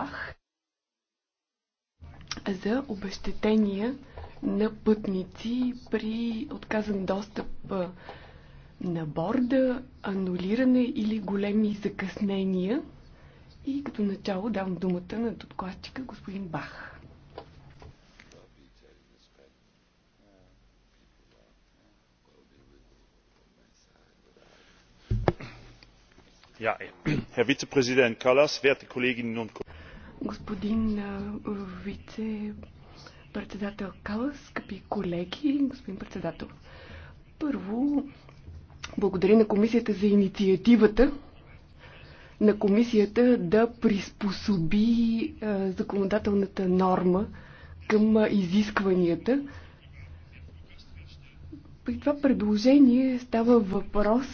Бах. за обещетения на пътници при отказан достъп на борда, анулиране или големи закъснения. И като начало давам думата на докладчика господин Бах. herr vizepräsident kallas werte kolleginnen und kollegen! господин вице-председател Кала, скъпи колеги, господин председател. Първо, благодаря на комисията за инициативата на комисията да приспособи законодателната норма към изискванията. При това предложение става въпрос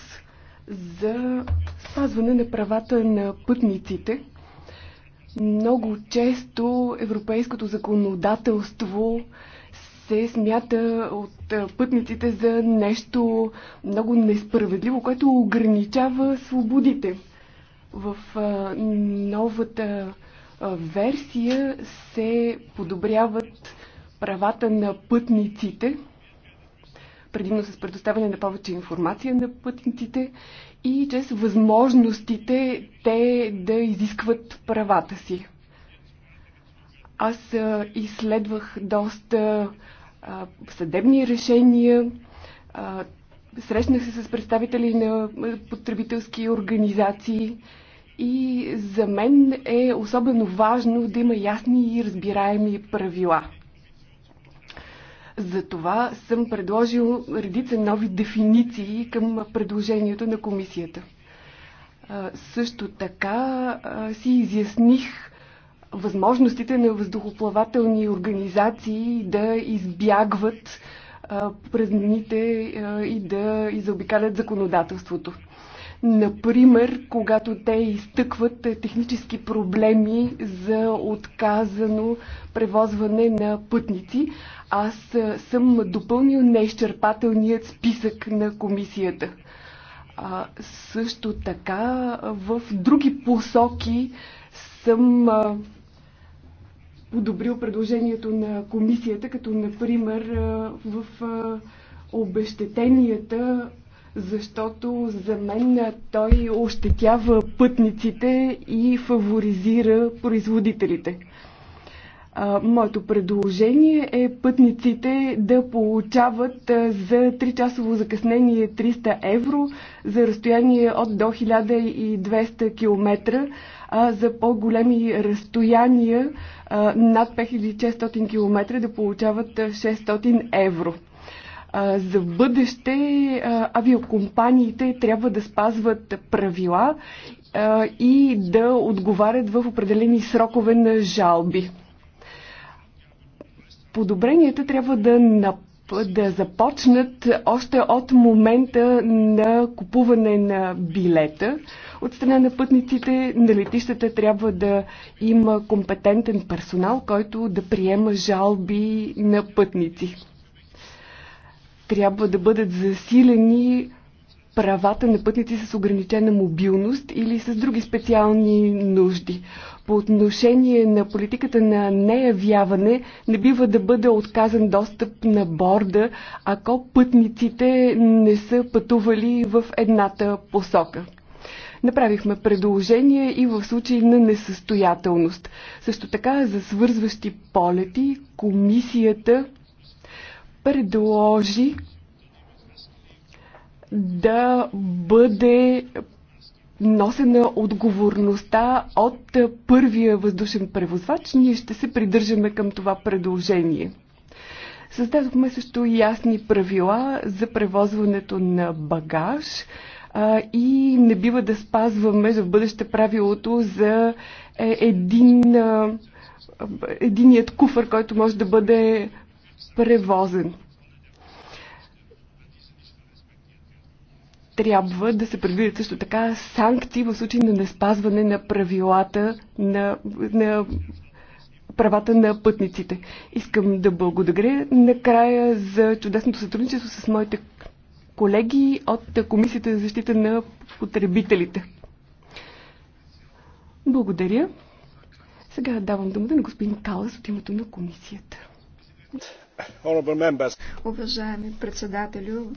за спазване на правата на пътниците – много често европейското законодателство се смята от е, пътниците за нещо много несправедливо, което ограничава свободите. В е, новата е, версия се подобряват правата на пътниците, предимно с предоставяне на повече информация на пътниците и чрез възможностите те да изискват правата си. Аз изследвах доста съдебни решения, срещнах се с представители на потребителски организации и за мен е особено важно да има ясни и разбираеми правила – затова съм предложил редица нови дефиниции към предложението на комисията. Също така си изясних възможностите на въздухоплавателни организации да избягват празнините и да изобикалят законодателството. Например, когато те изтъкват технически проблеми за отказано превозване на пътници, аз съм допълнил неизчерпателният списък на комисията. А, също така в други посоки съм а, подобрил предложението на комисията, като например а, в а, обещетенията, защото за мен той ощетява пътниците и фаворизира производителите. А, моето предложение е пътниците да получават за 3-часово закъснение 300 евро за разстояние от до 1200 км, а за по-големи разстояния а, над 5600 км да получават 600 евро за бъдеще авиокомпаниите трябва да спазват правила и да отговарят в определени срокове на жалби подобренията трябва да напълнят да започнат още от момента на купуване на билета. От страна на пътниците на летищата трябва да има компетентен персонал, който да приема жалби на пътници. Трябва да бъдат засилени правата на пътници с ограничена мобилност или с други специални нужди. По отношение на политиката на неявяване, не бива да бъде отказан достъп на борда, ако пътниците не са пътували в едната посока. Направихме предложение и в случай на несъстоятелност. Също така за свързващи полети комисията предложи да бъде носена отговорността от първия въздушен превозвач. Ние ще се придържаме към това предложение. Създадохме също ясни правила за превозването на багаж а, и не бива да спазваме за в бъдеще правилото за е, един, а, единият куфър, който може да бъде превозен. трябва да се предвидят също така санкции в случай на неспазване на правилата на, на правата на пътниците. Искам да благодаря накрая за чудесното сътрудничество с моите колеги от Комисията за защита на потребителите. Благодаря. Сега давам думата на господин Калас от името на комисията. Уважаеми председателю,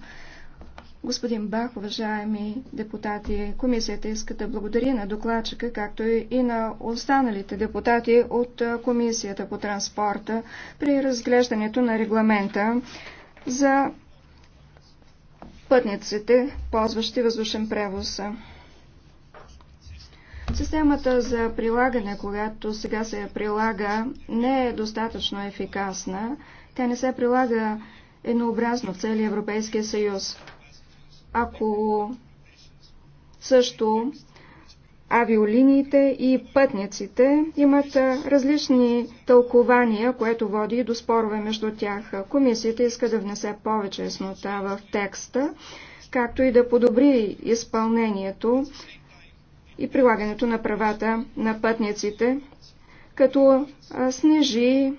Господин Бах, уважаеми депутати, комисията иска да благодари на докладчика, както и на останалите депутати от комисията по транспорта при разглеждането на регламента за пътниците, ползващи въздушен превоз. Системата за прилагане, когато сега се прилага, не е достатъчно ефикасна. Тя не се прилага еднообразно в целия Европейския съюз ако също авиолиниите и пътниците имат различни тълкования, което води до спорове между тях. Комисията иска да внесе повече яснота в текста, както и да подобри изпълнението и прилагането на правата на пътниците, като снижи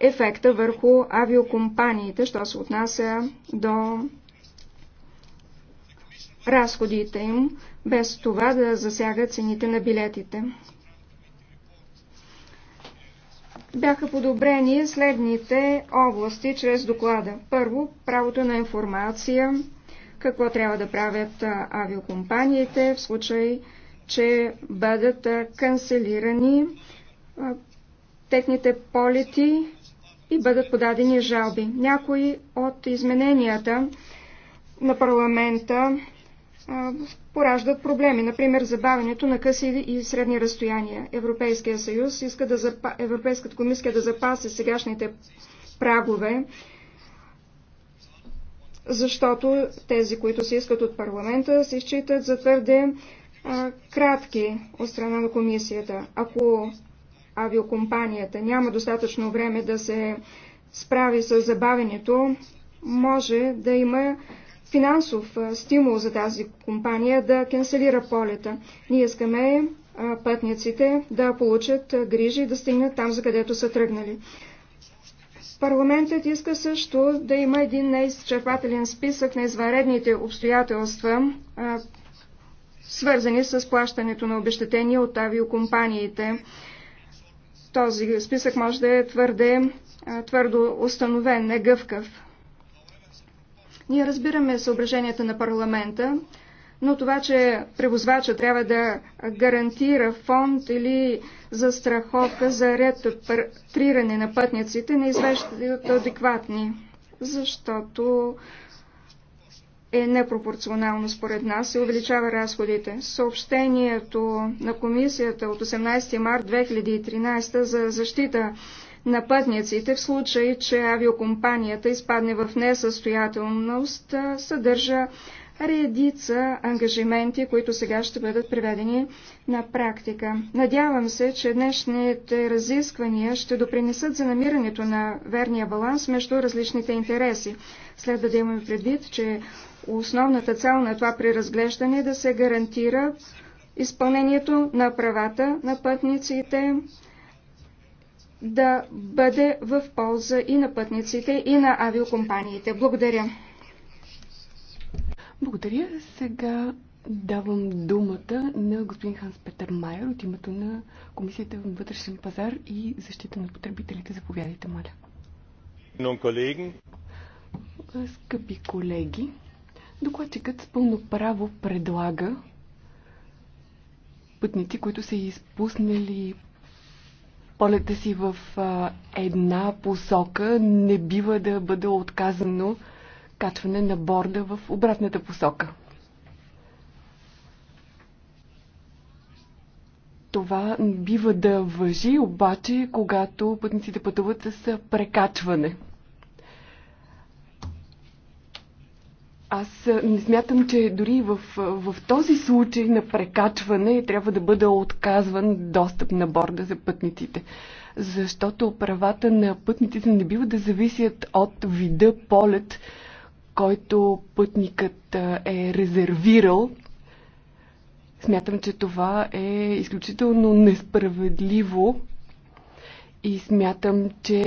ефекта върху авиокомпаниите, що се отнася до разходите им, без това да засяга цените на билетите. Бяха подобрени следните области чрез доклада. Първо, правото на информация, какво трябва да правят авиокомпаниите в случай, че бъдат канцелирани техните полети и бъдат подадени жалби. Някои от измененията на парламента пораждат проблеми, например забавянето на къси и средни разстояния. Европейския съюз иска да запа... Европейската комисия да запаси сегашните прагове, защото тези, които се искат от парламента, се считат за твърде а, кратки от страна на комисията. Ако авиокомпанията няма достатъчно време да се справи с забавянето, може да има финансов стимул за тази компания да канцелира полета. Ние искаме пътниците да получат грижи и да стигнат там, за където са тръгнали. Парламентът иска също да има един неизчерпателен списък на извънредните обстоятелства, свързани с плащането на обещетения от авиокомпаниите. Този списък може да е твърде, твърдо установен, не гъвкав. Ние разбираме съображенията на парламента, но това, че превозвача трябва да гарантира фонд или застраховка за ретриране на пътниците, не от адекватни, защото е непропорционално според нас и увеличава разходите. Съобщението на комисията от 18 март 2013 за защита на пътниците в случай, че авиокомпанията изпадне в несъстоятелност, съдържа редица ангажименти, които сега ще бъдат приведени на практика. Надявам се, че днешните разисквания ще допринесат за намирането на верния баланс между различните интереси. Следва да имаме предвид, че основната цел на това преразглеждане е да се гарантира изпълнението на правата на пътниците, да бъде в полза и на пътниците, и на авиокомпаниите. Благодаря. Благодаря. Сега давам думата на господин Ханс Петър Майер от името на Комисията в вътрешен пазар и защита на потребителите. Заповядайте, моля. Скъпи колеги, докладчикът с пълно право предлага пътници, които са изпуснали полета си в една посока, не бива да бъде отказано качване на борда в обратната посока. Това бива да въжи обаче, когато пътниците пътуват с прекачване. Аз не смятам, че дори в, в този случай на прекачване трябва да бъде отказван достъп на борда за пътниците. Защото правата на пътниците не бива да зависят от вида полет, който пътникът е резервирал. Смятам, че това е изключително несправедливо и смятам, че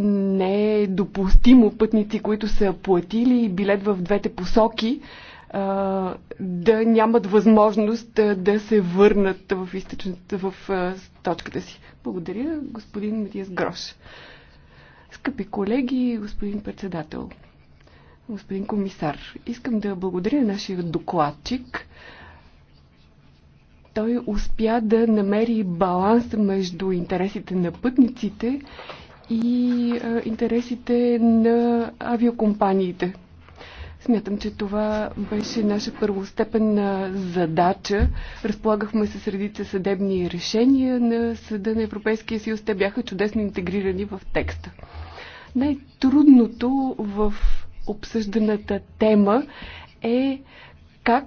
не е допустимо пътници, които са платили билет в двете посоки, да нямат възможност да се върнат в, източната, в точката си. Благодаря, господин Матиас Грош. Скъпи колеги, господин председател, господин комисар, искам да благодаря нашия докладчик той успя да намери баланс между интересите на пътниците и а, интересите на авиокомпаниите. Смятам, че това беше наша първостепенна задача. Разполагахме се средица съдебни решения на Съда на Европейския съюз. Те бяха чудесно интегрирани в текста. Най-трудното в обсъжданата тема е как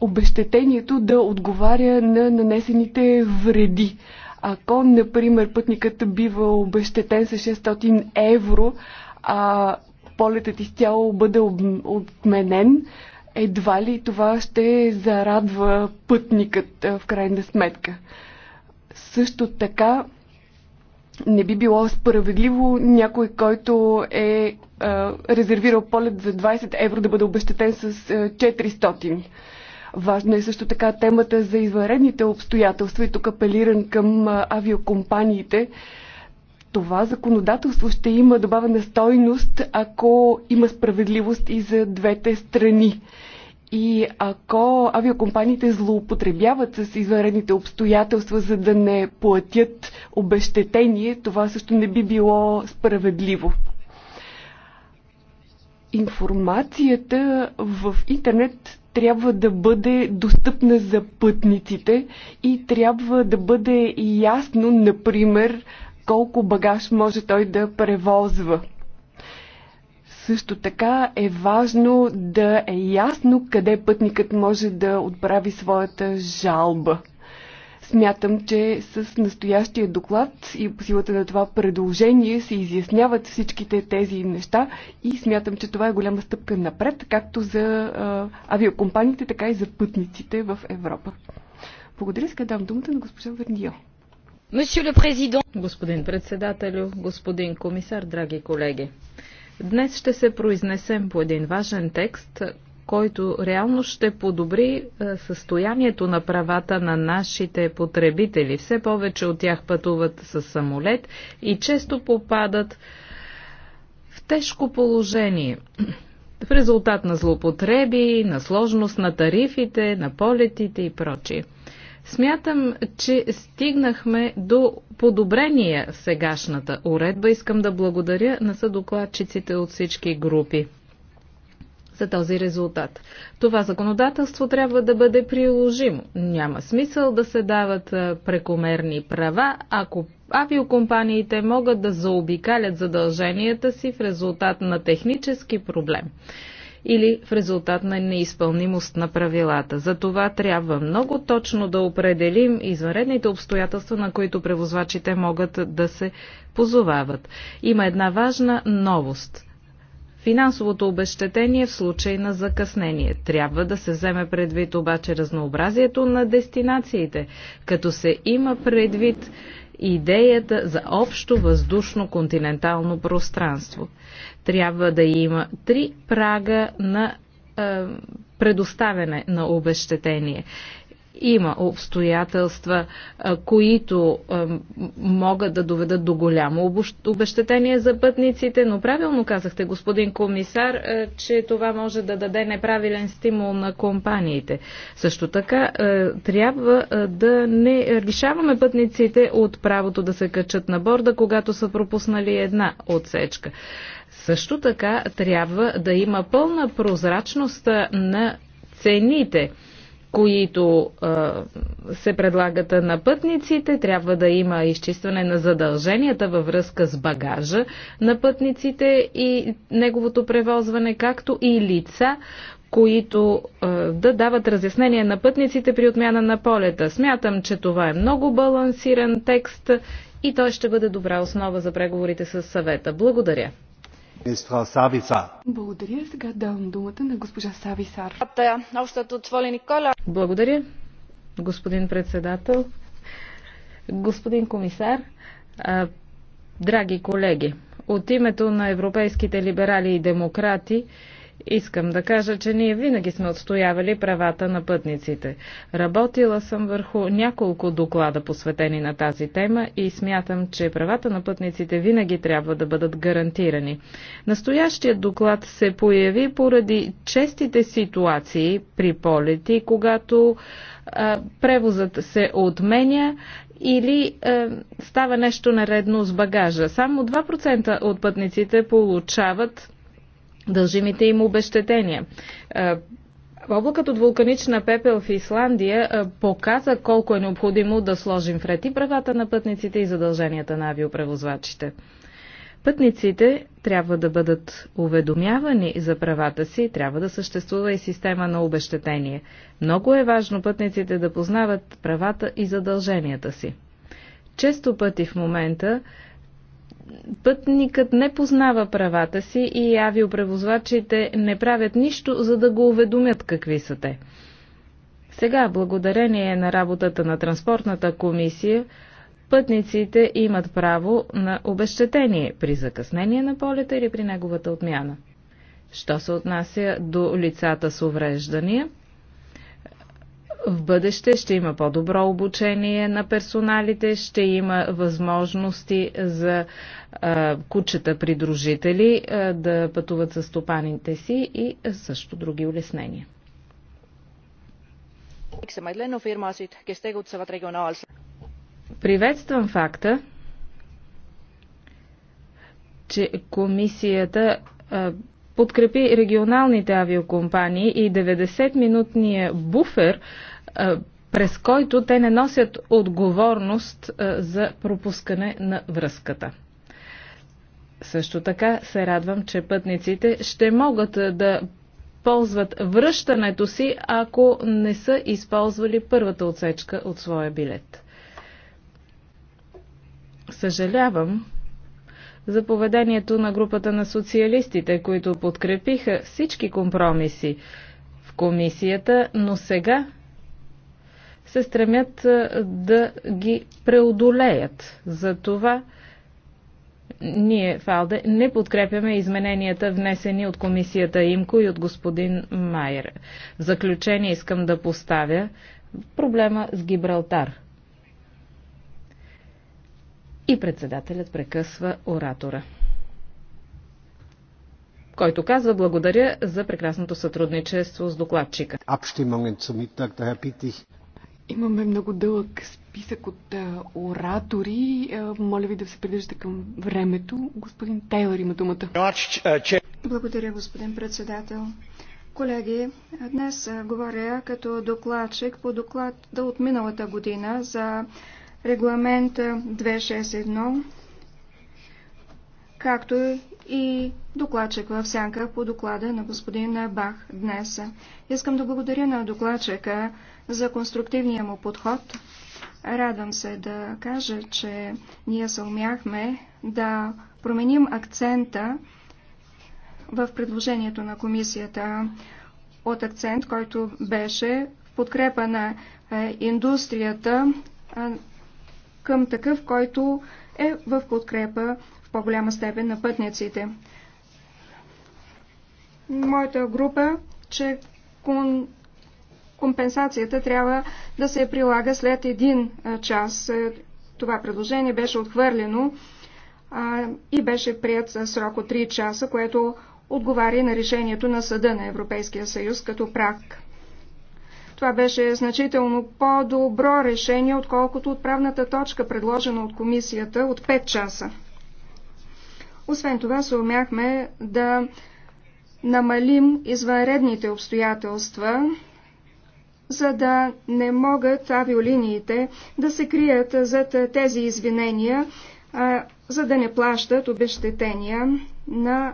обещетението да отговаря на нанесените вреди. Ако, например, пътникът бива обещетен с 600 евро, а полетът изцяло бъде отменен, едва ли това ще зарадва пътникът в крайна сметка. Също така не би било справедливо някой, който е резервирал полет за 20 евро да бъде обещетен с 400. Важна е също така темата за извънредните обстоятелства и тук апелиран към авиокомпаниите. Това законодателство ще има добавена стойност, ако има справедливост и за двете страни. И ако авиокомпаниите злоупотребяват с извънредните обстоятелства, за да не платят обещетение, това също не би било справедливо. Информацията в интернет трябва да бъде достъпна за пътниците и трябва да бъде ясно, например, колко багаж може той да превозва. Също така е важно да е ясно къде пътникът може да отправи своята жалба. Смятам, че с настоящия доклад и по силата на това предложение се изясняват всичките тези неща и смятам, че това е голяма стъпка напред, както за авиокомпаниите, така и за пътниците в Европа. Благодаря, сега дам думата на госпожа Вернио. Господин председателю, господин комисар, драги колеги! Днес ще се произнесем по един важен текст, който реално ще подобри е, състоянието на правата на нашите потребители. Все повече от тях пътуват с самолет и често попадат в тежко положение. В резултат на злоупотреби, на сложност на тарифите, на полетите и прочие. Смятам, че стигнахме до подобрения в сегашната уредба. Искам да благодаря на съдокладчиците от всички групи за този резултат. Това законодателство трябва да бъде приложимо. Няма смисъл да се дават прекомерни права, ако авиокомпаниите могат да заобикалят задълженията си в резултат на технически проблем или в резултат на неизпълнимост на правилата. За това трябва много точно да определим извънредните обстоятелства, на които превозвачите могат да се позовават. Има една важна новост финансовото обещетение в случай на закъснение. Трябва да се вземе предвид обаче разнообразието на дестинациите, като се има предвид идеята за общо въздушно континентално пространство. Трябва да има три прага на е, предоставяне на обещетение. Има обстоятелства, които могат да доведат до голямо обещетение за пътниците, но правилно казахте, господин комисар, че това може да даде неправилен стимул на компаниите. Също така, трябва да не лишаваме пътниците от правото да се качат на борда, когато са пропуснали една отсечка. Също така трябва да има пълна прозрачност на цените които а, се предлагат на пътниците. Трябва да има изчистване на задълженията във връзка с багажа на пътниците и неговото превозване, както и лица, които а, да дават разяснение на пътниците при отмяна на полета. Смятам, че това е много балансиран текст и той ще бъде добра основа за преговорите с съвета. Благодаря. Благодаря. Сега давам думата на госпожа Сависар. Благодаря, господин председател, господин комисар, драги колеги. От името на европейските либерали и демократи Искам да кажа, че ние винаги сме отстоявали правата на пътниците. Работила съм върху няколко доклада посветени на тази тема и смятам, че правата на пътниците винаги трябва да бъдат гарантирани. Настоящият доклад се появи поради честите ситуации при полети, когато а, превозът се отменя или е, става нещо наредно с багажа. Само 2% от пътниците получават дължимите им обещетения. Облакът от вулканична пепел в Исландия показа колко е необходимо да сложим вред и правата на пътниците и задълженията на авиопревозвачите. Пътниците трябва да бъдат уведомявани за правата си, трябва да съществува и система на обещетение. Много е важно пътниците да познават правата и задълженията си. Често пъти в момента пътникът не познава правата си и авиопревозвачите не правят нищо, за да го уведомят какви са те. Сега, благодарение на работата на Транспортната комисия, пътниците имат право на обещетение при закъснение на полета или при неговата отмяна. Що се отнася до лицата с увреждания – в бъдеще ще има по-добро обучение на персоналите, ще има възможности за а, кучета придружители а, да пътуват със стопаните си и също други улеснения. Приветствам факта, че комисията подкрепи регионалните авиокомпании и 90-минутния буфер през който те не носят отговорност за пропускане на връзката. Също така се радвам, че пътниците ще могат да ползват връщането си, ако не са използвали първата отсечка от своя билет. Съжалявам за поведението на групата на социалистите, които подкрепиха всички компромиси в комисията, но сега се стремят да ги преодолеят. За това ние Фалде, не подкрепяме измененията внесени от комисията ИМКО и от господин Майер. В заключение искам да поставя проблема с Гибралтар. И председателят прекъсва оратора, който казва благодаря за прекрасното сътрудничество с докладчика. Имаме много дълъг списък от а, оратори. А, моля ви да се придържате към времето. Господин Тейлър има думата. Благодаря, господин председател. Колеги, днес говоря като докладчик по доклад от миналата година за регламент 261 както и докладчик в сянка по доклада на господин Бах днес. Искам да благодаря на докладчика за конструктивния му подход. Радвам се да кажа, че ние се умяхме да променим акцента в предложението на комисията от акцент, който беше в подкрепа на е, индустрията към такъв, който е в подкрепа по-голяма степен на пътниците. Моята група, че кон... компенсацията трябва да се прилага след един час. Е, това предложение беше отхвърлено а, и беше прият за срок от 3 часа, което отговаря на решението на Съда на Европейския съюз като прак. Това беше значително по-добро решение, отколкото отправната точка, предложена от комисията от 5 часа. Освен това се умяхме да намалим извънредните обстоятелства, за да не могат авиолиниите да се крият зад тези извинения, а, за да не плащат обещетения на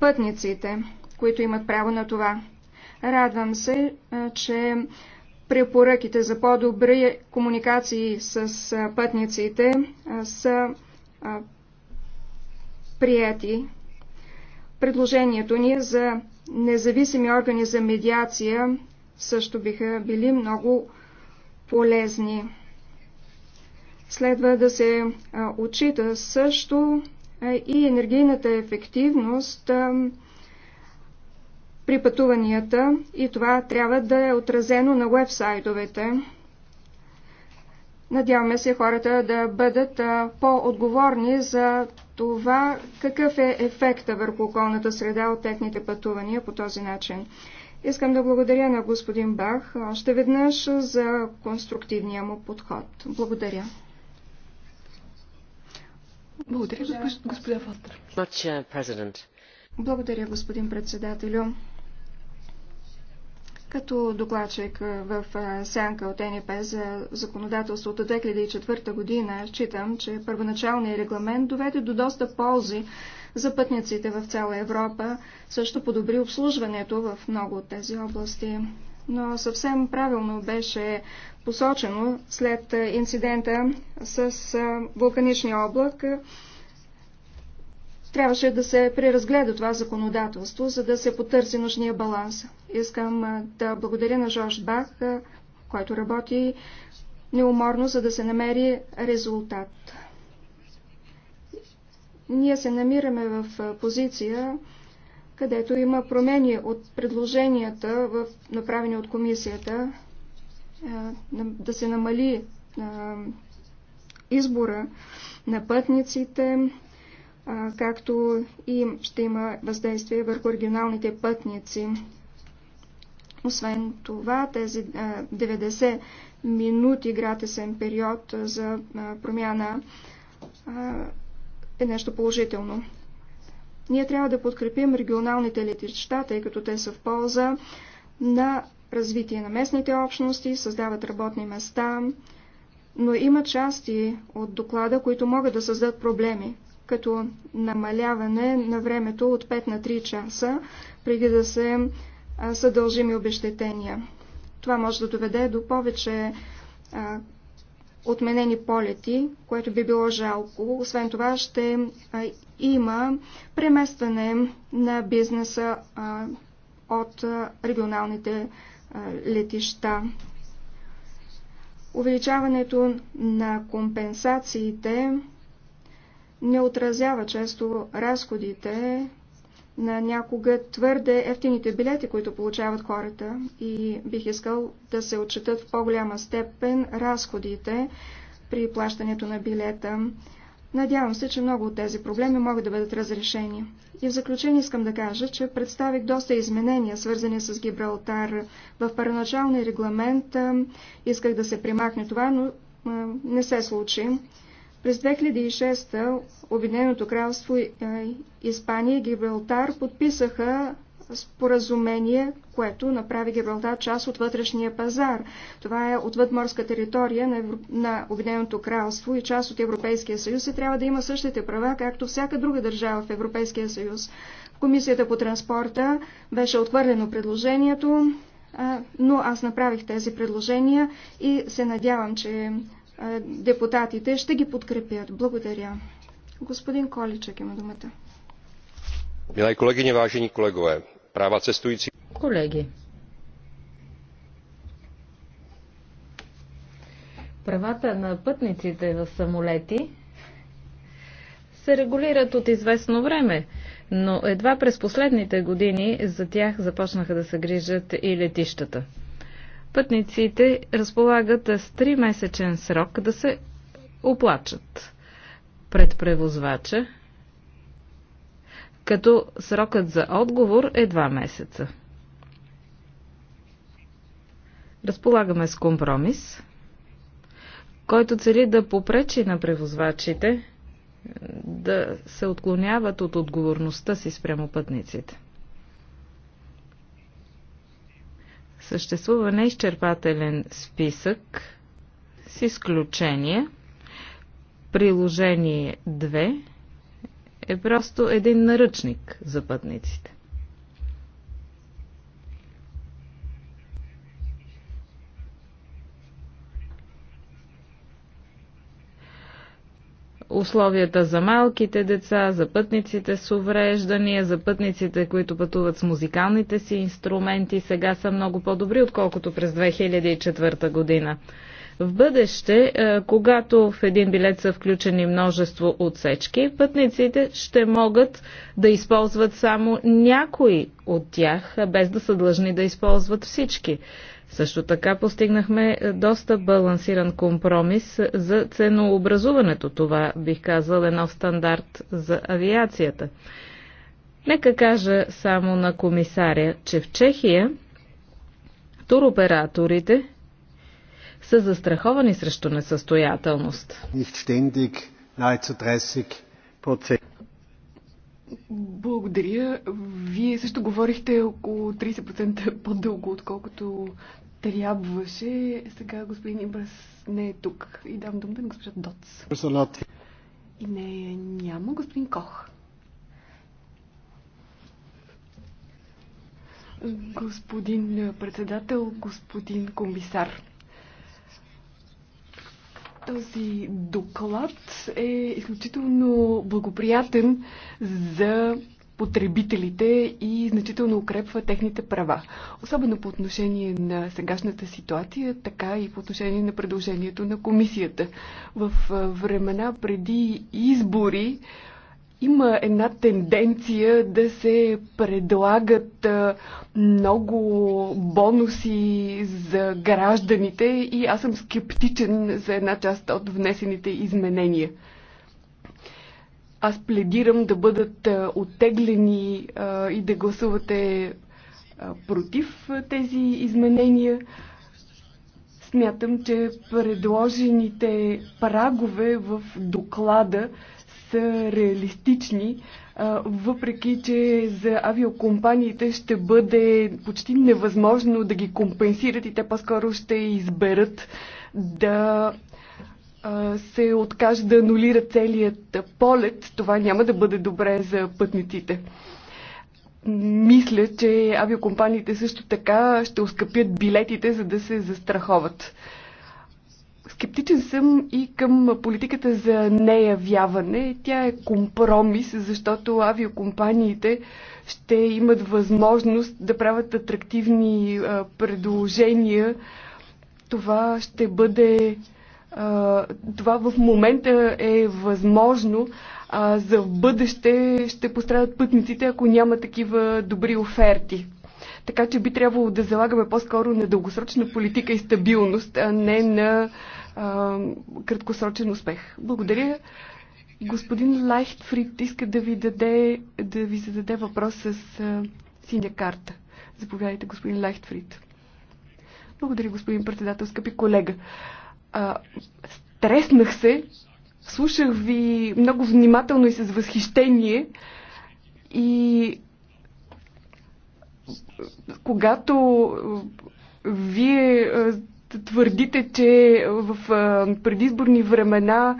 пътниците, които имат право на това. Радвам се, а, че препоръките за по-добри комуникации с пътниците а, са прияти предложението ни за независими органи за медиация също биха били много полезни. Следва да се отчита също и енергийната ефективност при пътуванията и това трябва да е отразено на вебсайтовете. Надяваме се хората да бъдат по-отговорни за това какъв е ефекта върху околната среда от техните пътувания по този начин. Искам да благодаря на господин Бах още веднъж за конструктивния му подход. Благодаря. Благодаря, госпожа Фостер. Uh, благодаря, господин председателю. Като докладчик в сянка от НП за законодателството 2004 година, считам, че първоначалният регламент доведе до доста ползи за пътниците в цяла Европа, също подобри обслужването в много от тези области. Но съвсем правилно беше посочено след инцидента с вулканичния облак, Трябваше да се преразгледа това законодателство, за да се потърси нужния баланс. Искам да благодаря на Жорж Бах, който работи неуморно, за да се намери резултат. Ние се намираме в позиция, където има промени от предложенията, в направени от комисията, да се намали избора на пътниците, както и ще има въздействие върху регионалните пътници. Освен това, тези 90 минути гратесен период за промяна е нещо положително. Ние трябва да подкрепим регионалните летища, тъй като те са в полза на развитие на местните общности, създават работни места, но има части от доклада, които могат да създадат проблеми като намаляване на времето от 5 на 3 часа, преди да се съдължими обещетения. Това може да доведе до повече а, отменени полети, което би било жалко. Освен това ще а, има преместване на бизнеса а, от а, регионалните а, летища. Увеличаването на компенсациите не отразява често разходите на някога твърде ефтините билети, които получават хората и бих искал да се отчитат в по-голяма степен разходите при плащането на билета. Надявам се, че много от тези проблеми могат да бъдат разрешени. И в заключение искам да кажа, че представих доста изменения, свързани с Гибралтар. В първоначалния регламент исках да се примахне това, но не се случи. През 2006 Обединеното кралство е, Испания и Гибралтар подписаха споразумение, което направи Гибралтар част от вътрешния пазар. Това е отвъдморска територия на, Европ... на Обединеното кралство и част от Европейския съюз и трябва да има същите права, както всяка друга държава в Европейския съюз. В Комисията по транспорта беше отхвърлено предложението, но аз направих тези предложения и се надявам, че депутатите ще ги подкрепят. Благодаря. Господин Количек има думата. Milé kolegyně, vážení колегове, права цестуици. Колеги, правата на пътниците в самолети се регулират от известно време, но едва през последните години за тях започнаха да се грижат и летищата. Пътниците разполагат с 3-месечен срок да се оплачат пред превозвача, като срокът за отговор е 2 месеца. Разполагаме с компромис, който цели да попречи на превозвачите да се отклоняват от отговорността си спрямо пътниците. Съществува неизчерпателен списък с изключение. Приложение 2 е просто един наръчник за пътниците. условията за малките деца, за пътниците с увреждания, за пътниците, които пътуват с музикалните си инструменти, сега са много по-добри, отколкото през 2004 година. В бъдеще, е, когато в един билет са включени множество отсечки, пътниците ще могат да използват само някои от тях, без да са длъжни да използват всички. Също така постигнахме е, доста балансиран компромис е, за ценообразуването. Това бих казал е нов стандарт за авиацията. Нека кажа само на комисаря, че в Чехия туроператорите са застраховани срещу несъстоятелност. Благодаря. Вие също говорихте около 30% по-дълго, отколкото трябваше. Сега господин Ибрас не е тук и давам думата на госпожа Доц. И не, няма господин Кох. Господин председател, господин комисар. Този доклад е изключително благоприятен за потребителите и значително укрепва техните права. Особено по отношение на сегашната ситуация, така и по отношение на предложението на комисията. В времена преди избори има една тенденция да се предлагат много бонуси за гражданите и аз съм скептичен за една част от внесените изменения. Аз пледирам да бъдат оттеглени и да гласувате против тези изменения. Смятам, че предложените прагове в доклада са реалистични, въпреки че за авиокомпаниите ще бъде почти невъзможно да ги компенсират и те по-скоро ще изберат да се откаже да анулира целият полет, това няма да бъде добре за пътниците. Мисля, че авиокомпаниите също така ще оскъпят билетите, за да се застраховат. Скептичен съм и към политиката за неявяване. Тя е компромис, защото авиокомпаниите ще имат възможност да правят атрактивни предложения. Това ще бъде това в момента е възможно. А за в бъдеще ще пострадат пътниците, ако няма такива добри оферти. Така че би трябвало да залагаме по-скоро на дългосрочна политика и стабилност, а не на а, краткосрочен успех. Благодаря. Господин Лайхтфрид иска да ви, даде, да ви зададе въпрос с а, синя карта. Заповядайте, господин Лайхтфрид. Благодаря, господин председател, скъпи колега. А, стреснах се, слушах ви много внимателно и с възхищение и когато вие твърдите, че в предизборни времена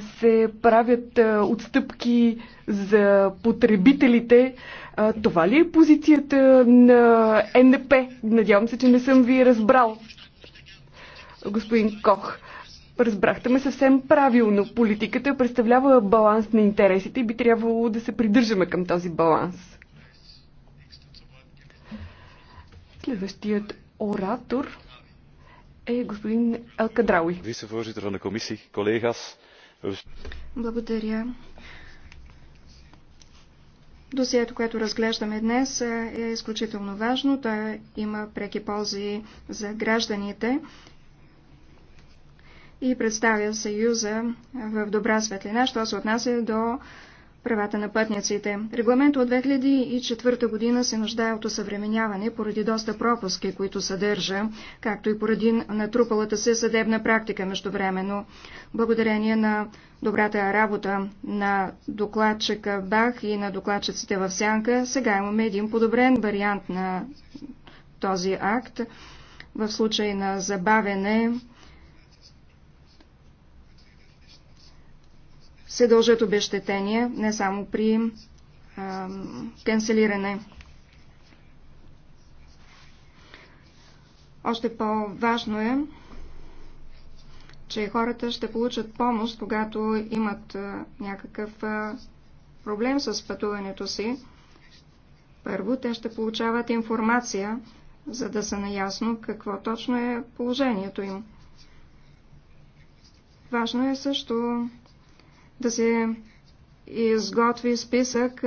се правят отстъпки за потребителите. Това ли е позицията на НДП? Надявам се, че не съм ви разбрал господин Кох. Разбрахте ме съвсем правилно. Политиката представлява баланс на интересите и би трябвало да се придържаме към този баланс. Следващият оратор е господин Алкадрауи. Вице-voorzitter на комисия, колегас. Благодаря. Досието, което разглеждаме днес, е изключително важно. Той има преки ползи за гражданите и представя Съюза в добра светлина, що се отнася до правата на пътниците. Регламент от 2004 година се нуждае от осъвременяване поради доста пропуски, които съдържа, както и поради натрупалата се съдебна практика междувременно. Благодарение на добрата работа на докладчика Бах и на докладчиците в Сянка, сега имаме един подобрен вариант на този акт. В случай на забавене се дължат обещетения, не само при а, канцелиране. Още по-важно е, че хората ще получат помощ, когато имат а, някакъв а, проблем с пътуването си. Първо, те ще получават информация, за да са наясно какво точно е положението им. Важно е също да се изготви списък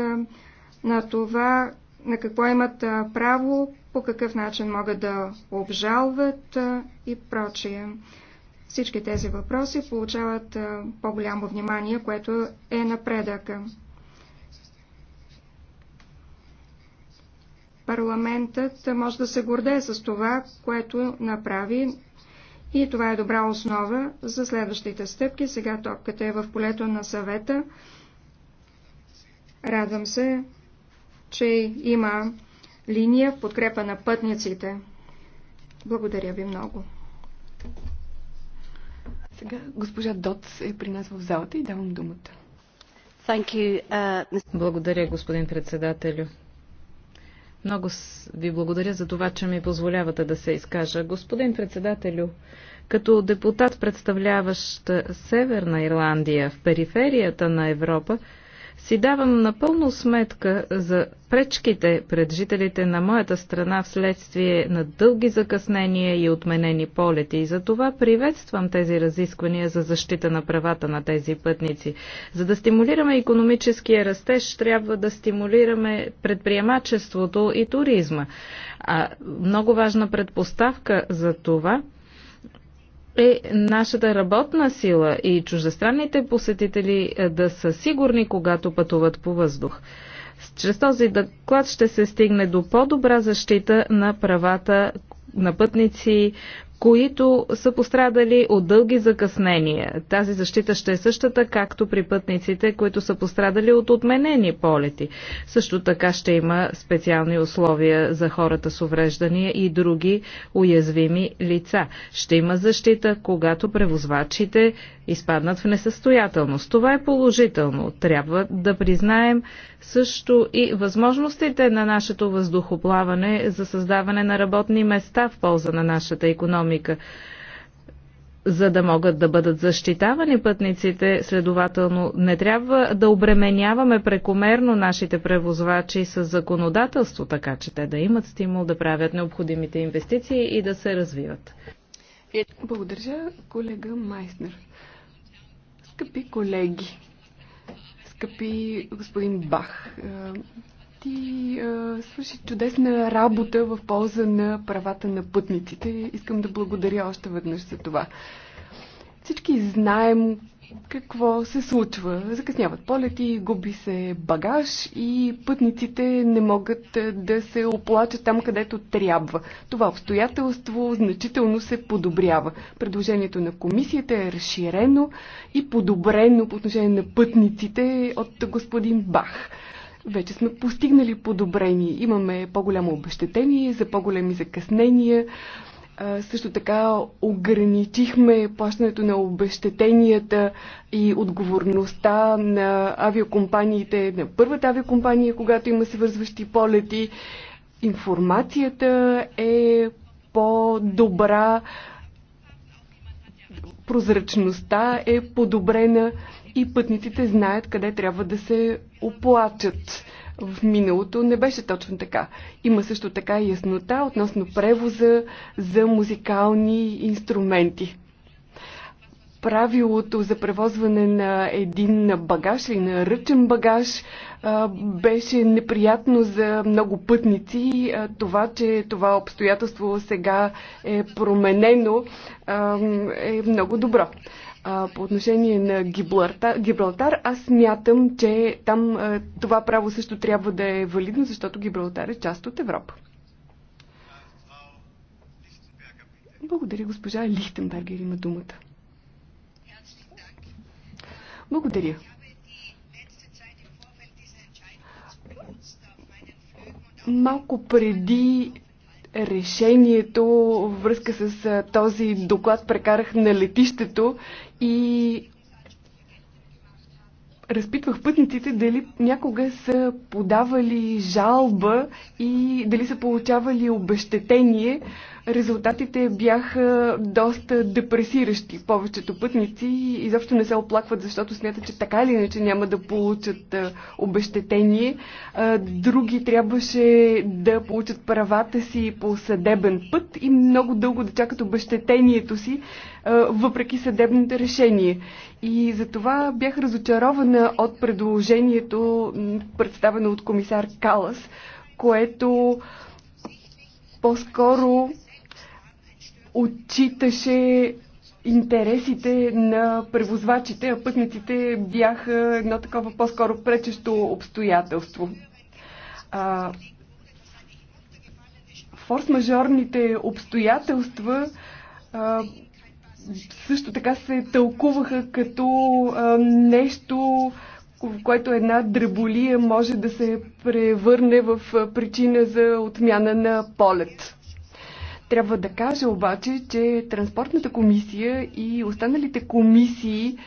на това, на какво имат право, по какъв начин могат да обжалват и прочие. Всички тези въпроси получават по-голямо внимание, което е напредъка. Парламентът може да се гордее с това, което направи и това е добра основа за следващите стъпки. Сега топката е в полето на съвета. Радвам се, че има линия в подкрепа на пътниците. Благодаря ви много. Сега госпожа Доц е при нас в залата и давам думата. Uh, Благодаря, господин председателю. Много ви благодаря за това, че ми позволявате да се изкажа. Господин председателю, като депутат, представляващ Северна Ирландия в периферията на Европа, си давам напълно сметка за пречките пред жителите на моята страна вследствие на дълги закъснения и отменени полети. И за това приветствам тези разисквания за защита на правата на тези пътници. За да стимулираме економическия растеж, трябва да стимулираме предприемачеството и туризма. А много важна предпоставка за това – е нашата работна сила и чуждестранните посетители е, да са сигурни, когато пътуват по въздух. Чрез този доклад ще се стигне до по-добра защита на правата на пътници, които са пострадали от дълги закъснения. Тази защита ще е същата, както при пътниците, които са пострадали от отменени полети. Също така ще има специални условия за хората с увреждания и други уязвими лица. Ще има защита, когато превозвачите изпаднат в несъстоятелност. Това е положително. Трябва да признаем също и възможностите на нашето въздухоплаване за създаване на работни места в полза на нашата економика. За да могат да бъдат защитавани пътниците, следователно не трябва да обременяваме прекомерно нашите превозвачи с законодателство, така че те да имат стимул да правят необходимите инвестиции и да се развиват. Благодаря, колега Майснер. Скъпи колеги, скъпи господин Бах, ти свърши чудесна работа в полза на правата на пътниците. Искам да благодаря още веднъж за това. Всички знаем какво се случва? Закъсняват полети, губи се багаж и пътниците не могат е, да се оплачат там, където трябва. Това обстоятелство значително се подобрява. Предложението на комисията е разширено и подобрено по отношение на пътниците от господин Бах вече сме постигнали подобрение. Имаме по-голямо обещетение за по-големи закъснения, също така ограничихме плащането на обещетенията и отговорността на авиокомпаниите, на първата авиокомпания, когато има свързващи полети. Информацията е по-добра, прозрачността е подобрена и пътниците знаят къде трябва да се оплачат. В миналото не беше точно така. Има също така и яснота относно превоза за музикални инструменти. Правилото за превозване на един багаж или на ръчен багаж беше неприятно за много пътници. Това, че това обстоятелство сега е променено, е много добро. А, по отношение на Гибралтар, Гибралтар, аз мятам, че там а, това право също трябва да е валидно, защото Гибралтар е част от Европа. Благодаря, госпожа Лихтенбергер има думата. Благодаря. Малко преди решението във връзка с този доклад прекарах на летището и разпитвах пътниците дали някога са подавали жалба и дали са получавали обещетение Резултатите бяха доста депресиращи. Повечето пътници изобщо не се оплакват, защото смятат, че така или иначе няма да получат обещетение. Други трябваше да получат правата си по съдебен път и много дълго да чакат обещетението си, въпреки съдебните решение. И затова бях разочарована от предложението, представено от комисар Калас, което по-скоро отчиташе интересите на превозвачите, а пътниците бяха едно такова по-скоро пречещо обстоятелство. А, форс-мажорните обстоятелства а, също така се тълкуваха като а, нещо, в което една дреболия може да се превърне в причина за отмяна на полет. Трябва да кажа обаче, че Транспортната комисия и останалите комисии,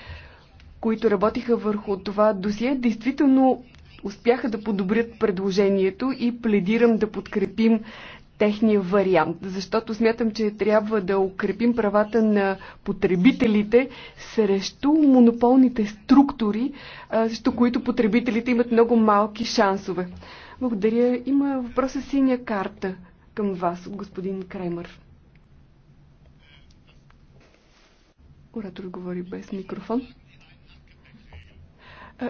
които работиха върху това досие, действително успяха да подобрят предложението и пледирам да подкрепим техния вариант, защото смятам, че трябва да укрепим правата на потребителите срещу монополните структури, срещу които потребителите имат много малки шансове. Благодаря. Има въпроса синя карта към вас от господин Краймър. Оратор говори без микрофон.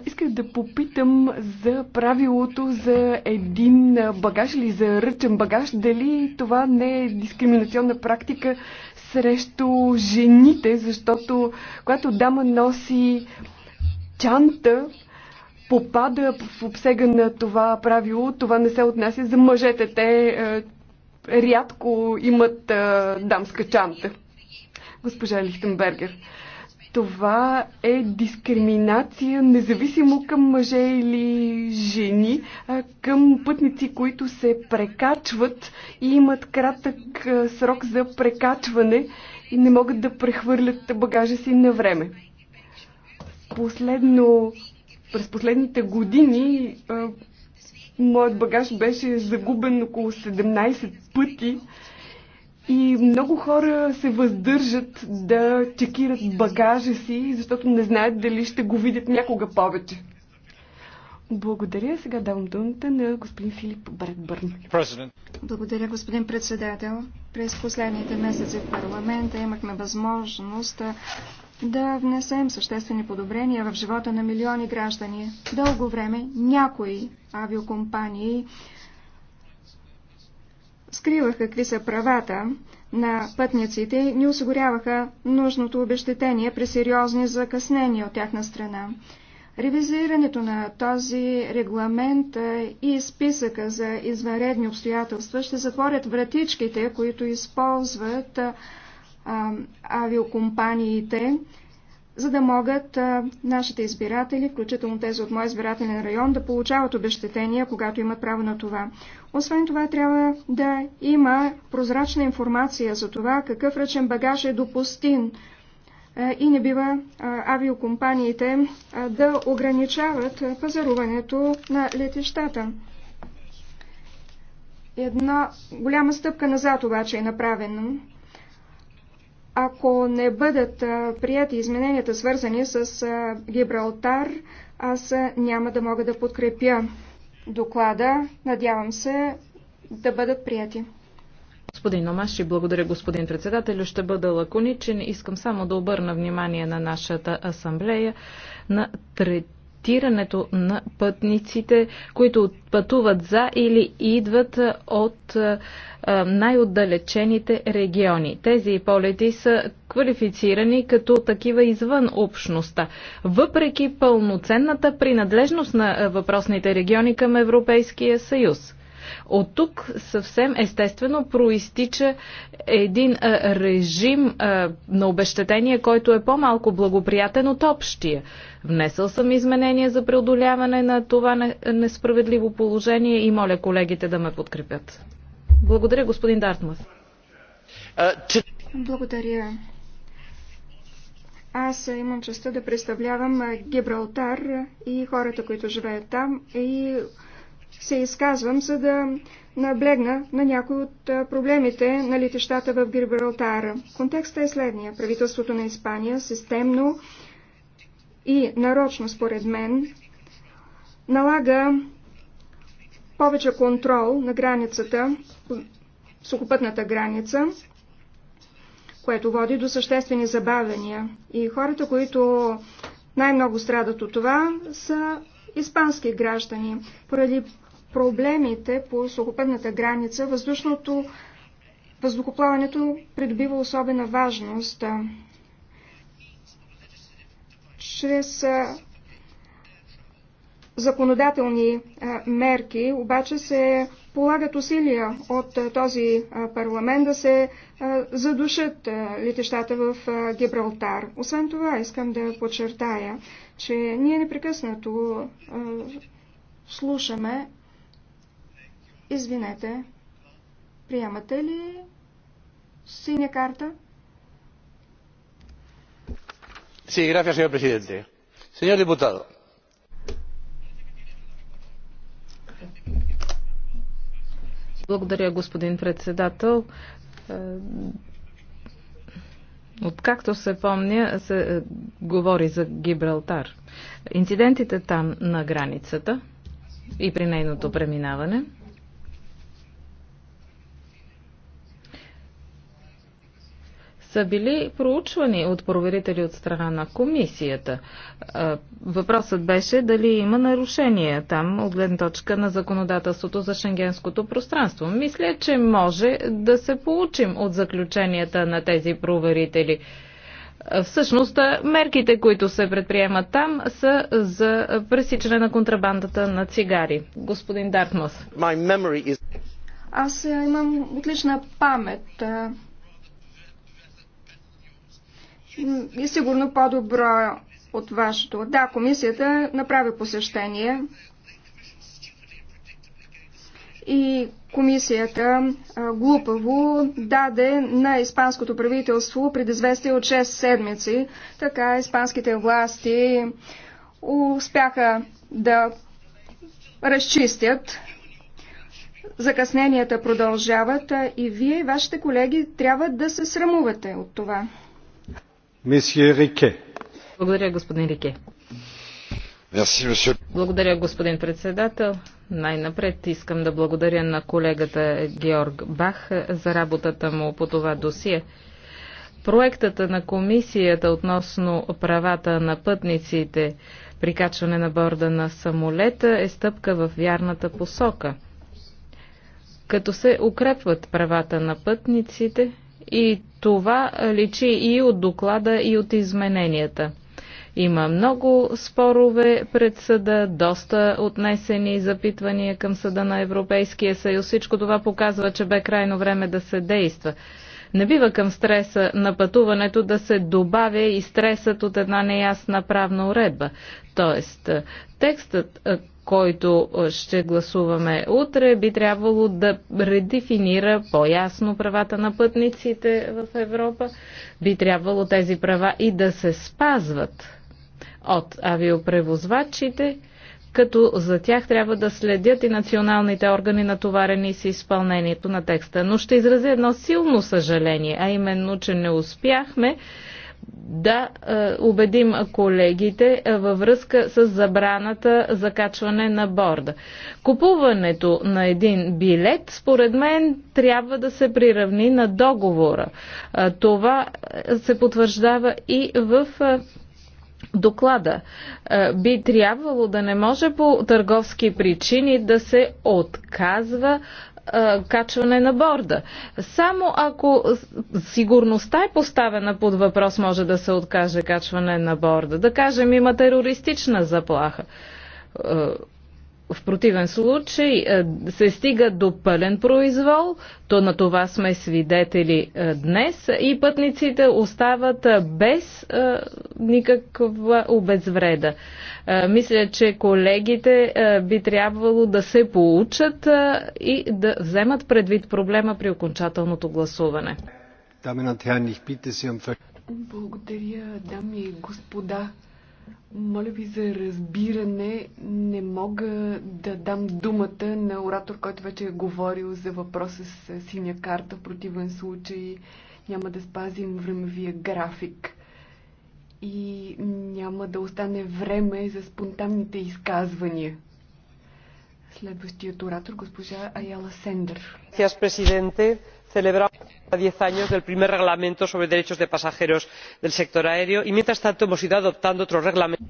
Исках да попитам за правилото за един багаж или за ръчен багаж. Дали това не е дискриминационна практика срещу жените, защото когато дама носи чанта, попада в обсега на това правило, това не се отнася за мъжете. Те рядко имат а, дамска чанта. Госпожа Лихтенбергер, това е дискриминация, независимо към мъже или жени, а към пътници, които се прекачват и имат кратък а, срок за прекачване и не могат да прехвърлят багажа си на време. Последно, през последните години а, Моят багаж беше загубен около 17 пъти и много хора се въздържат да чекират багажа си, защото не знаят дали ще го видят някога повече. Благодаря. Сега давам думата на господин Филип Бредбърн. Благодаря, господин председател. През последните месеци в парламента имахме възможност да внесем съществени подобрения в живота на милиони граждани. Дълго време някои авиокомпании скриваха какви са правата на пътниците и не осигуряваха нужното обещетение при сериозни закъснения от тяхна страна. Ревизирането на този регламент и списъка за извънредни обстоятелства ще затворят вратичките, които използват авиокомпаниите, за да могат нашите избиратели, включително тези от моя избирателен район, да получават обещетения, когато имат право на това. Освен това, трябва да има прозрачна информация за това какъв ръчен багаж е допустим и не бива авиокомпаниите да ограничават пазаруването на летищата. Една голяма стъпка назад обаче е направена ако не бъдат прияти измененията, свързани с Гибралтар, аз няма да мога да подкрепя доклада. Надявам се да бъдат прияти. Господин Номаши, благодаря господин председател, Ще бъда лаконичен. Искам само да обърна внимание на нашата асамблея на трети третирането на пътниците, които пътуват за или идват от най-отдалечените региони. Тези полети са квалифицирани като такива извън общността. Въпреки пълноценната принадлежност на въпросните региони към Европейския съюз. От тук съвсем естествено проистича един режим на обещетение, който е по-малко благоприятен от общия. Внесъл съм изменения за преодоляване на това несправедливо положение и моля колегите да ме подкрепят. Благодаря, господин Дартмас. Благодаря. Аз имам честа да представлявам Гибралтар и хората, които живеят там и се изказвам, за да наблегна на някои от проблемите на летищата в Гибралтара. Контекстът е следния. Правителството на Испания системно и нарочно, според мен, налага повече контрол на границата, сухопътната граница, което води до съществени забавения. И хората, които най-много страдат от това, са испански граждани. Поради проблемите по сухопътната граница, въздушното въздухоплаването придобива особена важност. Чрез законодателни мерки, обаче се полагат усилия от този парламент да се задушат летещата в Гибралтар. Освен това, искам да подчертая, че ние непрекъснато слушаме Извинете, приемате ли синя карта? Sí, gracias, señor presidente. Señor diputado. Благодаря, господин председател. Е, откакто се помня, се е, говори за Гибралтар. Инцидентите там на границата и при нейното преминаване са били проучвани от проверители от страна на комисията. Въпросът беше дали има нарушения там от гледна точка на законодателството за шенгенското пространство. Мисля, че може да се получим от заключенията на тези проверители. Всъщност, мерките, които се предприемат там, са за пресичане на контрабандата на цигари. Господин Дартмус. Аз имам отлична памет и сигурно по-добро от вашето. Да, комисията направи посещение и комисията глупаво даде на испанското правителство предизвестие от 6 седмици. Така испанските власти успяха да разчистят. Закъсненията продължават и вие и вашите колеги трябва да се срамувате от това. Благодаря, господин Рике. Благодаря, господин председател. Най-напред искам да благодаря на колегата Георг Бах за работата му по това досие. Проектът на комисията относно правата на пътниците при качване на борда на самолета е стъпка в вярната посока. Като се укрепват правата на пътниците, и това личи и от доклада, и от измененията. Има много спорове пред съда, доста отнесени запитвания към съда на Европейския съюз. Всичко това показва, че бе крайно време да се действа. Не бива към стреса на пътуването да се добавя и стресът от една неясна правна уредба. Тоест, текстът, който ще гласуваме утре, би трябвало да редефинира по-ясно правата на пътниците в Европа. Би трябвало тези права и да се спазват от авиопревозвачите, като за тях трябва да следят и националните органи, натоварени с изпълнението на текста. Но ще изразя едно силно съжаление, а именно, че не успяхме да е, убедим колегите е, във връзка с забраната за качване на борда. Купуването на един билет, според мен, трябва да се приравни на договора. Е, това се потвърждава и в доклада. Би трябвало да не може по търговски причини да се отказва а, качване на борда. Само ако сигурността е поставена под въпрос, може да се откаже качване на борда. Да кажем, има терористична заплаха в противен случай е, се стига до пълен произвол, то на това сме свидетели е, днес и пътниците остават е, без никаква обезвреда. Мисля, че колегите би трябвало да се получат и да вземат предвид проблема при окончателното гласуване. Благодаря, дами и господа. Моля ви за разбиране. Не мога да дам думата на оратор, който вече е говорил за въпроса с е, синя карта. В противен случай няма да спазим времевия график и няма да остане време за спонтанните изказвания. Следващият оратор, госпожа Аяла Сендър. Gracias, президенте celebramos ahora diez años del primer reglamento sobre derechos de pasajeros del sector aéreo y mientras tanto hemos ido adoptando otros reglamentos.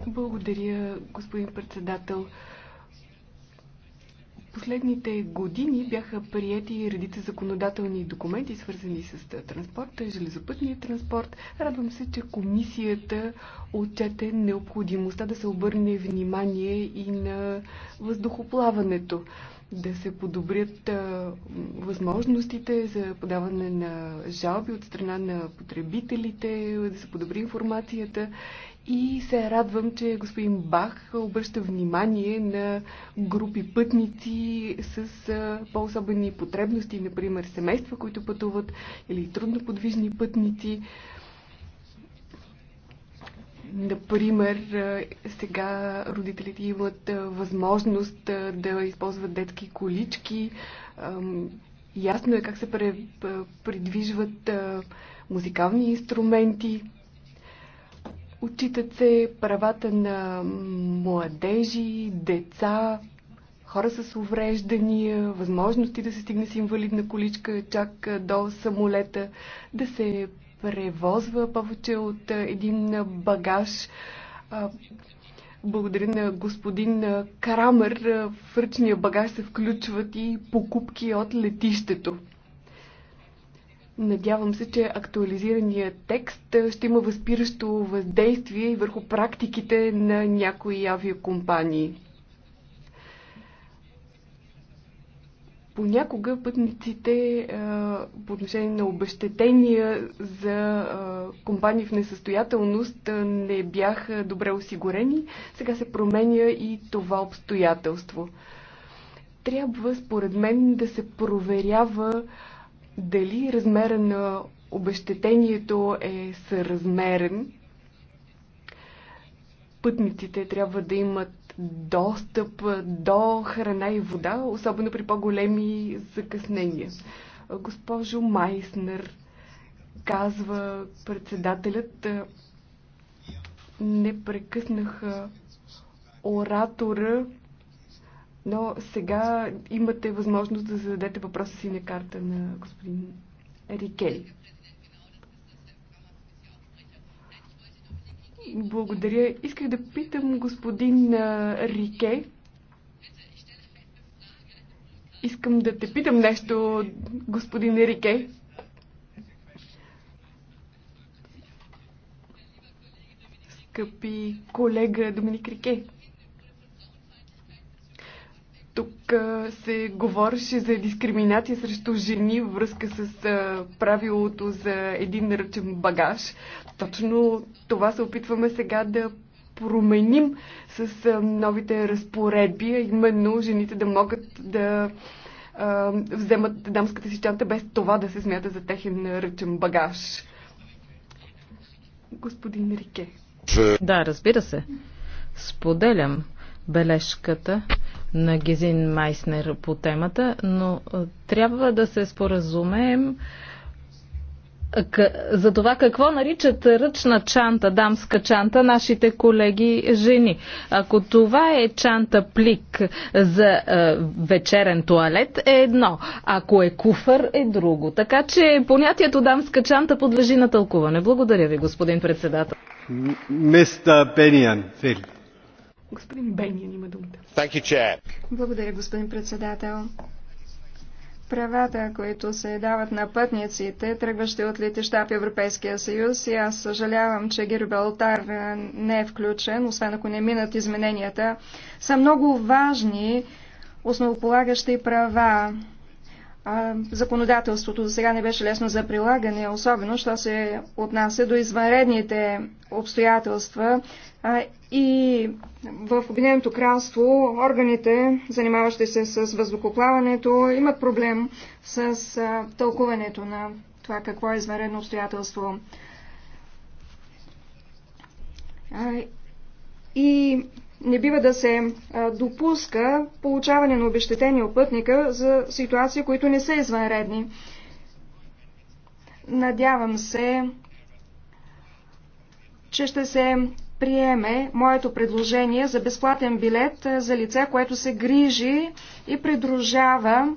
Последните години бяха приети редица законодателни документи, свързани с транспорта, железопътния транспорт. Радвам се, че комисията отчете необходимостта да се обърне внимание и на въздухоплаването да се подобрят възможностите за подаване на жалби от страна на потребителите, да се подобри информацията. И се радвам, че господин Бах обръща внимание на групи пътници с по-особени потребности, например семейства, които пътуват, или трудноподвижни пътници. Например, сега родителите имат възможност да използват детски колички. Ясно е как се придвижват музикални инструменти. Отчитат се правата на младежи, деца, хора с увреждания, възможности да се стигне с инвалидна количка чак до самолета, да се превозва повече от един багаж. Благодаря на господин Крамер, В ръчния багаж се включват и покупки от летището. Надявам се, че актуализираният текст ще има възпиращо въздействие и върху практиките на някои авиакомпании. Понякога пътниците по отношение на обещетения за компании в несъстоятелност не бяха добре осигурени. Сега се променя и това обстоятелство. Трябва, според мен, да се проверява дали размера на обещетението е съразмерен. Пътниците трябва да имат достъп до храна и вода, особено при по-големи закъснения. Госпожо Майснер, казва председателят, не прекъснах оратора, но сега имате възможност да зададете въпроса си на карта на господин Рикели. Благодаря. Исках да питам господин Рике. Искам да те питам нещо, господин Рике. Скъпи колега Доминик Рике. Тук се говореше за дискриминация срещу жени във връзка с правилото за един ръчен багаж. Точно това се опитваме сега да променим с новите разпоредби, именно жените да могат да вземат дамската си чанта без това да се смята за техен ръчен багаж. Господин Рике. Да, разбира се. Споделям бележката на Гезин Майснер по темата, но трябва да се споразумеем за това какво наричат ръчна чанта, дамска чанта, нашите колеги жени. Ако това е чанта плик за е, вечерен туалет е едно, ако е куфър е друго. Така че понятието дамска чанта подлежи на тълкуване. Благодаря ви, господин председател. Мистер Бениан Филип. Господин Бенин, има думата. You, Благодаря, господин председател. Правата, които се дават на пътниците, тръгващи от летища в Европейския съюз, и аз съжалявам, че Гирбалтар не е включен, освен ако не минат измененията, са много важни основополагащи права. Законодателството до сега не беше лесно за прилагане, особено, що се отнася до извънредните обстоятелства, и в Обединеното кралство органите, занимаващи се с въздухоплаването, имат проблем с тълкуването на това какво е извънредно обстоятелство. И не бива да се допуска получаване на обещетение от пътника за ситуации, които не са извънредни. Надявам се, че ще се приеме моето предложение за безплатен билет е, за лице, което се грижи и придружава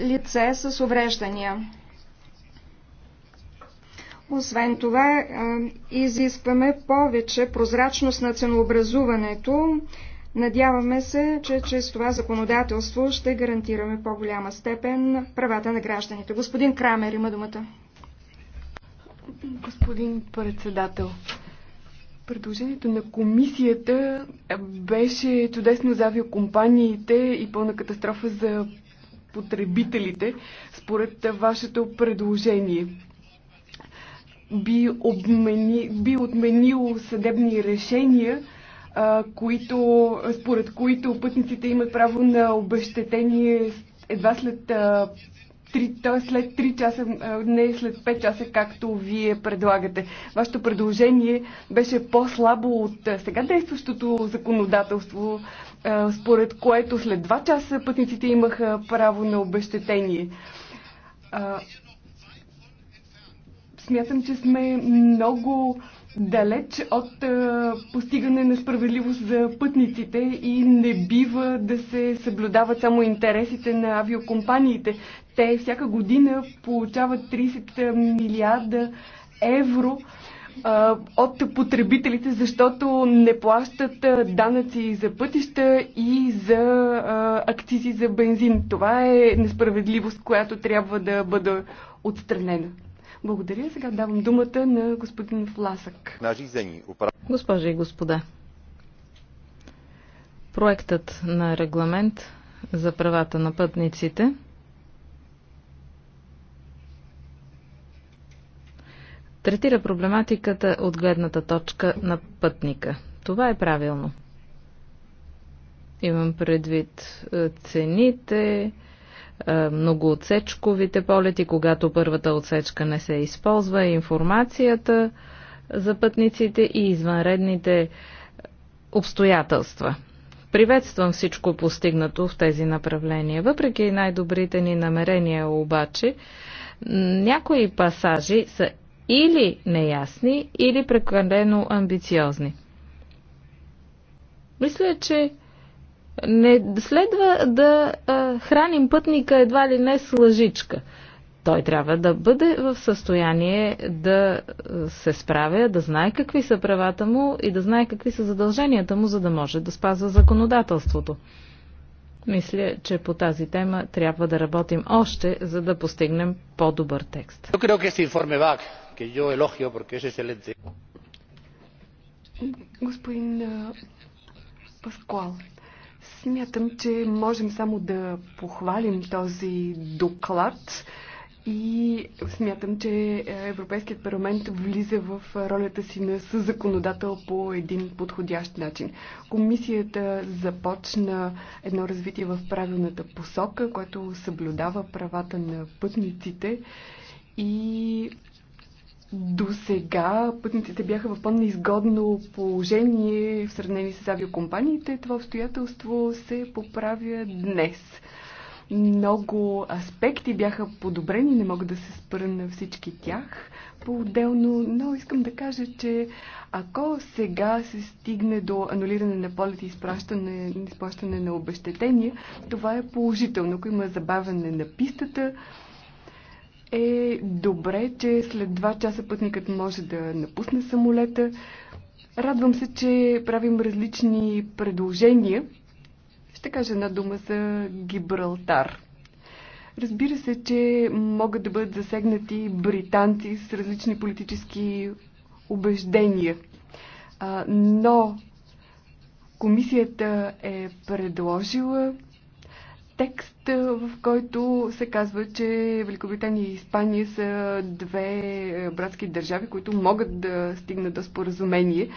лице с увреждания. Освен това, е, изискваме повече прозрачност на ценообразуването. Надяваме се, че чрез това законодателство ще гарантираме по-голяма степен правата на гражданите. Господин Крамер има думата. Господин председател, Предложението на комисията е, беше чудесно за авиокомпаниите и пълна катастрофа за потребителите, според вашето предложение. Би, обмени, би отменило съдебни решения, а, които, според които пътниците имат право на обещетение едва след а, той след 3 часа, не след 5 часа, както вие предлагате. Вашето предложение беше по-слабо от сега действащото законодателство, според което след 2 часа пътниците имаха право на обещетение. Смятам, че сме много далеч от постигане на справедливост за пътниците и не бива да се съблюдават само интересите на авиокомпаниите. Те всяка година получават 30 е, милиарда евро а, от потребителите, защото не плащат данъци за пътища и за а, акцизи за бензин. Това е несправедливост, която трябва да бъде отстранена. Благодаря. Сега давам думата на господин Фласък. Госпожи и господа, проектът на регламент за правата на пътниците – третира проблематиката от гледната точка на пътника. Това е правилно. Имам предвид е, цените, е, многоотсечковите полети, когато първата отсечка не се използва, информацията за пътниците и извънредните обстоятелства. Приветствам всичко постигнато в тези направления. Въпреки най-добрите ни намерения обаче, някои пасажи са или неясни, или прекалено амбициозни. Мисля, че не следва да а, храним пътника едва ли не с лъжичка. Той трябва да бъде в състояние да се справя, да знае какви са правата му и да знае какви са задълженията му, за да може да спазва законодателството. Мисля, че по тази тема трябва да работим още, за да постигнем по-добър текст que yo elogio porque es excelente. Господин Паскуал, смятам, че можем само да похвалим този доклад и смятам, че е, Европейският парламент влиза в ролята си на съзаконодател по един подходящ начин. Комисията започна едно развитие в правилната посока, което съблюдава правата на пътниците и до сега пътниците бяха в по-неизгодно положение в сравнение с авиокомпаниите. Това обстоятелство се поправя днес. Много аспекти бяха подобрени, не мога да се спра на всички тях по-отделно, но искам да кажа, че ако сега се стигне до анулиране на полети и изплащане, изплащане на обещетения, това е положително. Ако има забавяне на пистата, е добре, че след два часа пътникът може да напусне самолета. Радвам се, че правим различни предложения. Ще кажа една дума за Гибралтар. Разбира се, че могат да бъдат засегнати британци с различни политически убеждения. но комисията е предложила текст, е, в който се казва, че Великобритания и Испания са две е, братски държави, които могат да стигнат до споразумение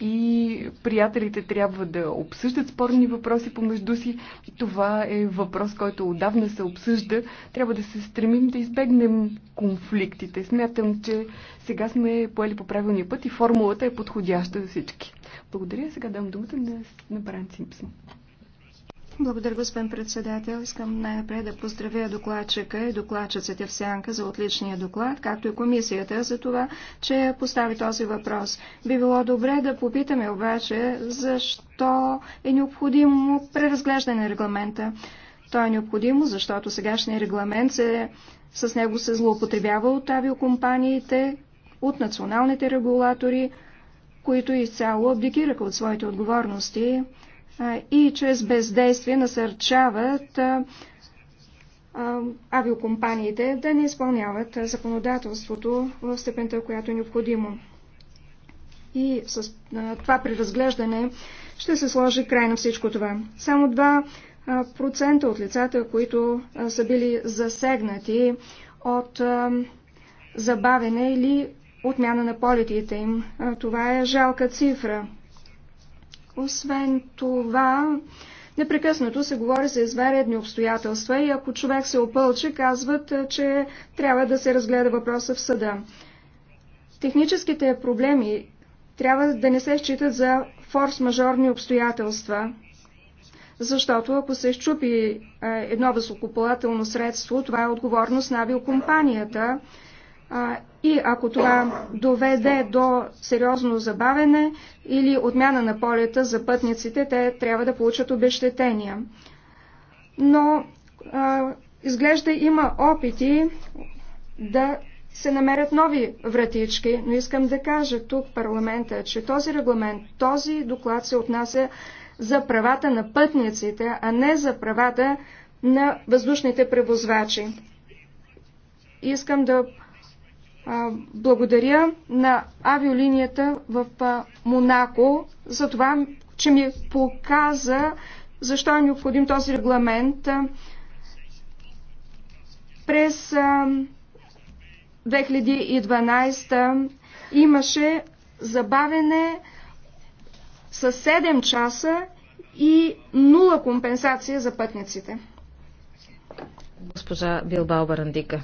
и приятелите трябва да обсъждат спорни въпроси помежду си. Това е въпрос, който отдавна се обсъжда. Трябва да се стремим да избегнем конфликтите. Смятам, че сега сме поели по правилния път и формулата е подходяща за всички. Благодаря. Сега дам думата на, на Бран Симпсон. Благодаря, господин председател. Искам най-напред да поздравя докладчика и докладчиците в Сянка за отличния доклад, както и комисията за това, че постави този въпрос. Би било добре да попитаме обаче защо е необходимо преразглеждане на регламента. То е необходимо, защото сегашният регламент се, с него се злоупотребява от авиокомпаниите, от националните регулатори, които изцяло абдикираха от своите отговорности и чрез бездействие насърчават авиокомпаниите да не изпълняват законодателството в степента, която е необходимо. И с това преразглеждане ще се сложи край на всичко това. Само 2% от лицата, които са били засегнати от забавене или отмяна на полетите им. Това е жалка цифра. Освен това, непрекъснато се говори за изваредни обстоятелства и ако човек се опълчи, казват, е, че трябва да се разгледа въпроса в съда. Техническите проблеми трябва да не се считат за форс-мажорни обстоятелства, защото ако се изчупи е, едно високополателно средство, това е отговорност на авиокомпанията и ако това доведе до сериозно забавене или отмяна на полета за пътниците, те трябва да получат обещетения. Но а, изглежда има опити да се намерят нови вратички, но искам да кажа тук парламента, че този регламент, този доклад се отнася за правата на пътниците, а не за правата на въздушните превозвачи. Искам да благодаря на авиолинията в Монако за това, че ми показа защо е необходим този регламент. През 2012 имаше забавене с 7 часа и нула компенсация за пътниците. Госпожа Билбао Барандика.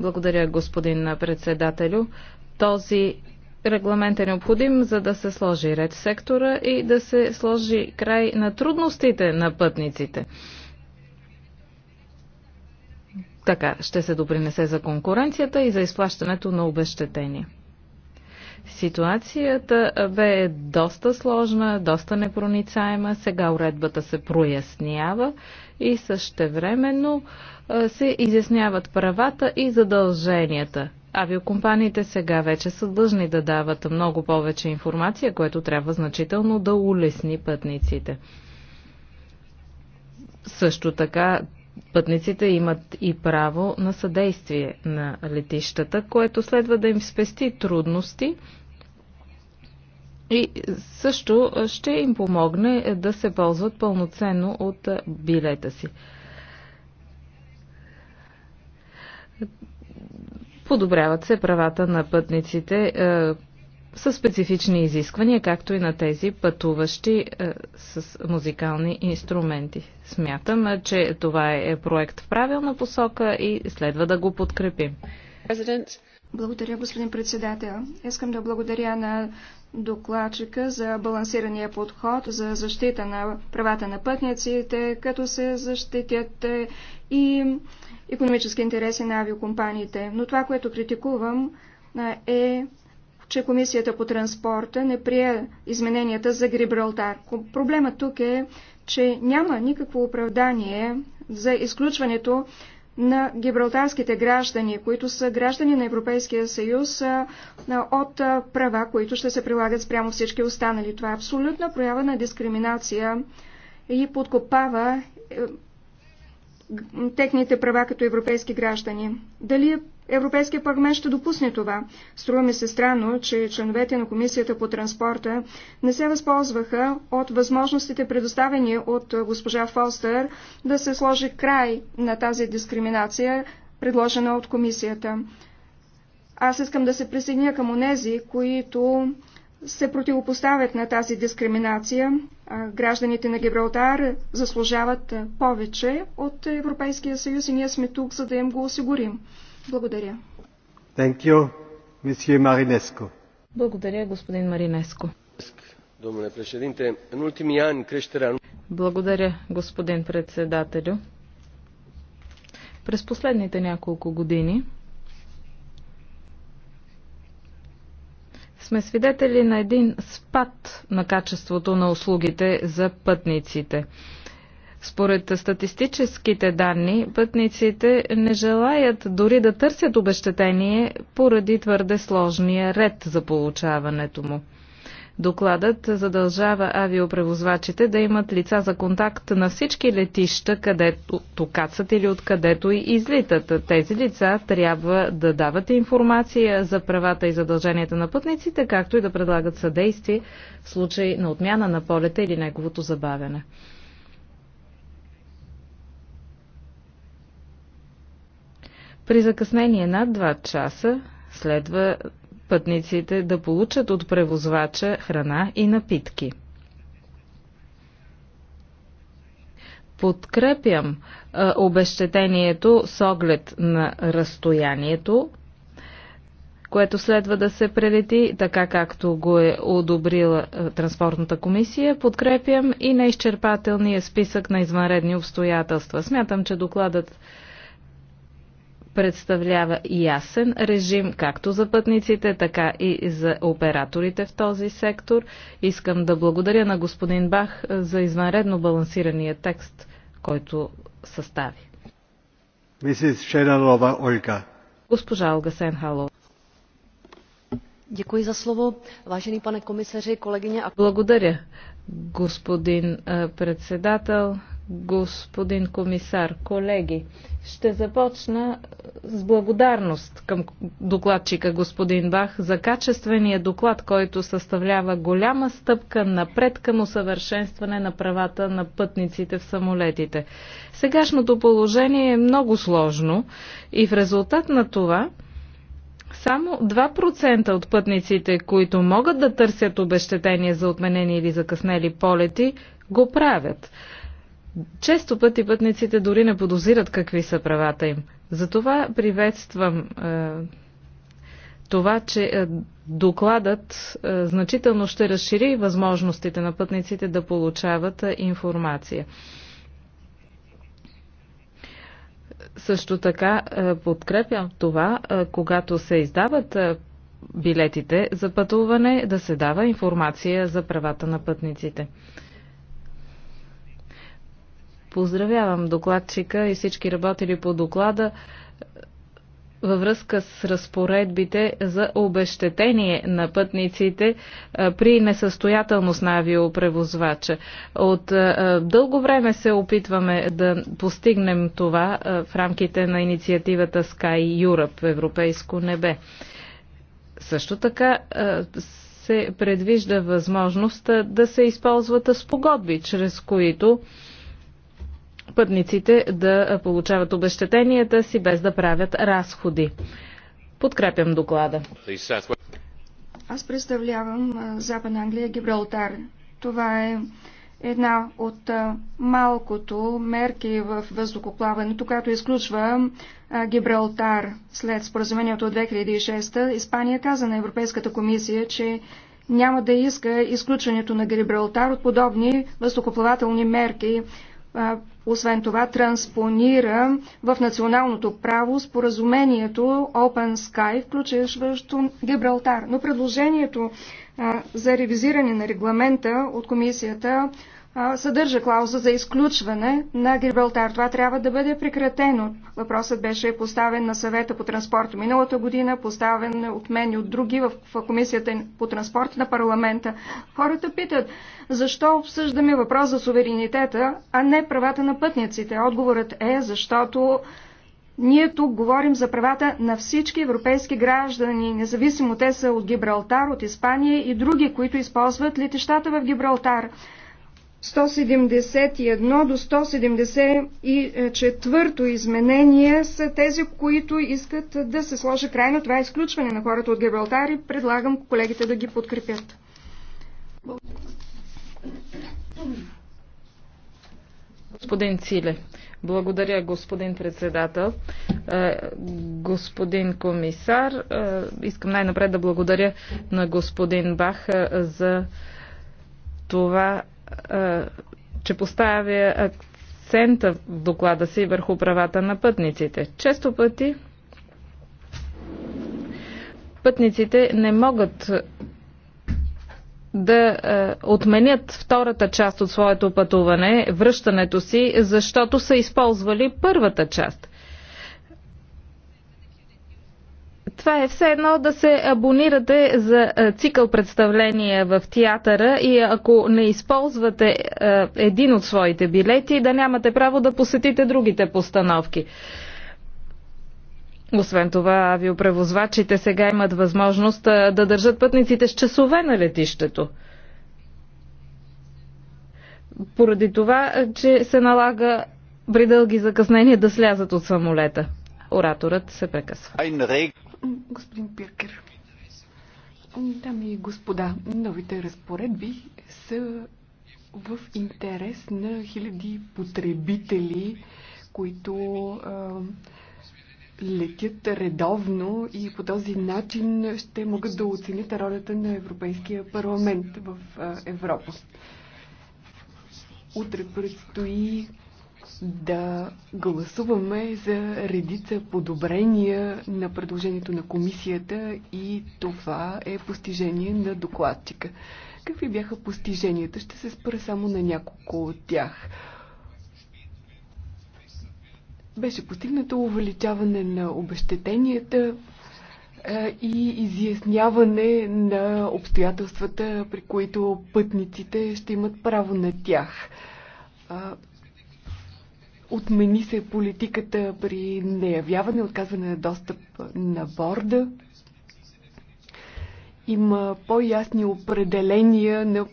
Благодаря, господин председателю. Този регламент е необходим, за да се сложи ред в сектора и да се сложи край на трудностите на пътниците. Така ще се допринесе за конкуренцията и за изплащането на обещетения. Ситуацията бе доста сложна, доста непроницаема. Сега уредбата се прояснява и същевременно времено се изясняват правата и задълженията. Авиокомпаниите сега вече са длъжни да дават много повече информация, което трябва значително да улесни пътниците. Също така пътниците имат и право на съдействие на летищата, което следва да им спести трудности и също ще им помогне да се ползват пълноценно от билета си. Подобряват се правата на пътниците е, със специфични изисквания, както и на тези пътуващи е, с музикални инструменти. Смятам, е, че това е, е проект в правилна посока и следва да го подкрепим. Благодаря, господин председател. Искам да благодаря на докладчика за балансирания подход за защита на правата на пътниците, като се защитят и економически интереси на авиокомпаниите. Но това, което критикувам е, че Комисията по транспорта не прие измененията за Грибралтар. Проблемът тук е, че няма никакво оправдание за изключването на гибралтарските граждани, които са граждани на Европейския съюз от права, които ще се прилагат спрямо всички останали. Това е абсолютна проява на дискриминация и подкопава е, техните права като европейски граждани. Дали Европейския парламент ще допусне това? Струва ми се странно, че членовете на Комисията по транспорта не се възползваха от възможностите предоставени от госпожа Фостер да се сложи край на тази дискриминация, предложена от Комисията. Аз искам да се присъединя към онези, които се противопоставят на тази дискриминация гражданите на Гибралтар заслужават повече от Европейския съюз и ние сме тук, за да им го осигурим. Благодаря. Thank you, Monsieur Marinescu. Благодаря, господин Маринеско. Domnule președinte, în ultimii ani creșterea... Благодаря, господин председателю. През последните няколко години сме свидетели на един спад на качеството на услугите за пътниците. Според статистическите данни, пътниците не желаят дори да търсят обещетение поради твърде сложния ред за получаването му. Докладът задължава авиопревозвачите да имат лица за контакт на всички летища, където кацат или откъдето и излитат. Тези лица трябва да дават информация за правата и задълженията на пътниците, както и да предлагат съдействие в случай на отмяна на полета или неговото забавяне. При закъснение над 2 часа следва пътниците да получат от превозвача храна и напитки. Подкрепям а, обещетението с оглед на разстоянието, което следва да се прелети, така както го е одобрила Транспортната комисия. Подкрепям и неизчерпателния списък на извънредни обстоятелства. Смятам, че докладът представлява ясен режим както за пътниците, така и за операторите в този сектор. Искам да благодаря на господин Бах за извънредно балансирания текст, който състави. Ольга. Госпожа Олга Сенхалова. Děkuji za slovo. Vážený pane komisaři, kolegyně a... Благодаря, господин председател, господин комисар, колеги. Ще започна с благодарност към докладчика господин Бах за качествения доклад, който съставлява голяма стъпка напред към усъвършенстване на правата на пътниците в самолетите. Сегашното положение е много сложно и в резултат на това само 2% от пътниците, които могат да търсят обещетение за отменени или закъснели полети, го правят. Често пъти пътниците дори не подозират какви са правата им. Затова приветствам е, това, че е, докладът е, значително ще разшири възможностите на пътниците да получават е, информация. Също така е, подкрепям това, е, когато се издават е, билетите за пътуване, да се дава информация за правата на пътниците. Поздравявам докладчика и всички работили по доклада е, във връзка с разпоредбите за обещетение на пътниците е, при несъстоятелност на авиопревозвача. От е, дълго време се опитваме да постигнем това в рамките на инициативата Sky Europe, Европейско небе. Също така се предвижда възможност да се използват спогодби, чрез които пътниците да получават обещетенията си без да правят разходи. Подкрепям доклада. Аз представлявам Западна Англия Гибралтар. Това е една от малкото мерки в въздухоплаването, която изключва Гибралтар. След споразумението от 2006 Испания каза на Европейската комисия, че няма да иска изключването на Гибралтар от подобни въздухоплавателни мерки освен това, транспонира в националното право споразумението Open Sky, включващо Гибралтар. Но предложението а, за ревизиране на регламента от комисията съдържа клауза за изключване на Гибралтар. Това трябва да бъде прекратено. Въпросът беше поставен на съвета по транспорт миналата година, поставен от мен и от други в комисията по транспорт на парламента. Хората питат, защо обсъждаме въпрос за суверенитета, а не правата на пътниците. Отговорът е, защото ние тук говорим за правата на всички европейски граждани, независимо те са от Гибралтар, от Испания и други, които използват летищата в Гибралтар. 171 до 174 изменение са тези, които искат да се сложи край на това изключване на хората от Гибралтар и предлагам колегите да ги подкрепят. Господин Циле, благодаря, господин председател. Е, господин комисар, е, искам най-напред да благодаря на господин Бах за това че поставя акцента в доклада си върху правата на пътниците. Често пъти пътниците не могат да е, отменят втората част от своето пътуване, връщането си, защото са използвали първата част. Това е все едно да се абонирате за е, цикъл представления в театъра и ако не използвате е, един от своите билети, да нямате право да посетите другите постановки. Освен това, авиопревозвачите сега имат възможност е, да държат пътниците с часове на летището. Поради това, че се налага при дълги закъснения да слязат от самолета. Ораторът се прекъсва. Господин Пиркер, дами и господа, новите разпоредби са в интерес на хиляди потребители, които а, летят редовно и по този начин ще могат да оценят ролята на Европейския парламент в Европа. Утре предстои да гласуваме за редица подобрения на предложението на комисията и това е постижение на докладчика. Какви бяха постиженията? Ще се спра само на няколко от тях. Беше постигнато увеличаване на обещетенията е, и изясняване на обстоятелствата, при които пътниците ще имат право на тях е, Отмени се политиката при неявяване, отказване на достъп на борда. Има по-ясни определения на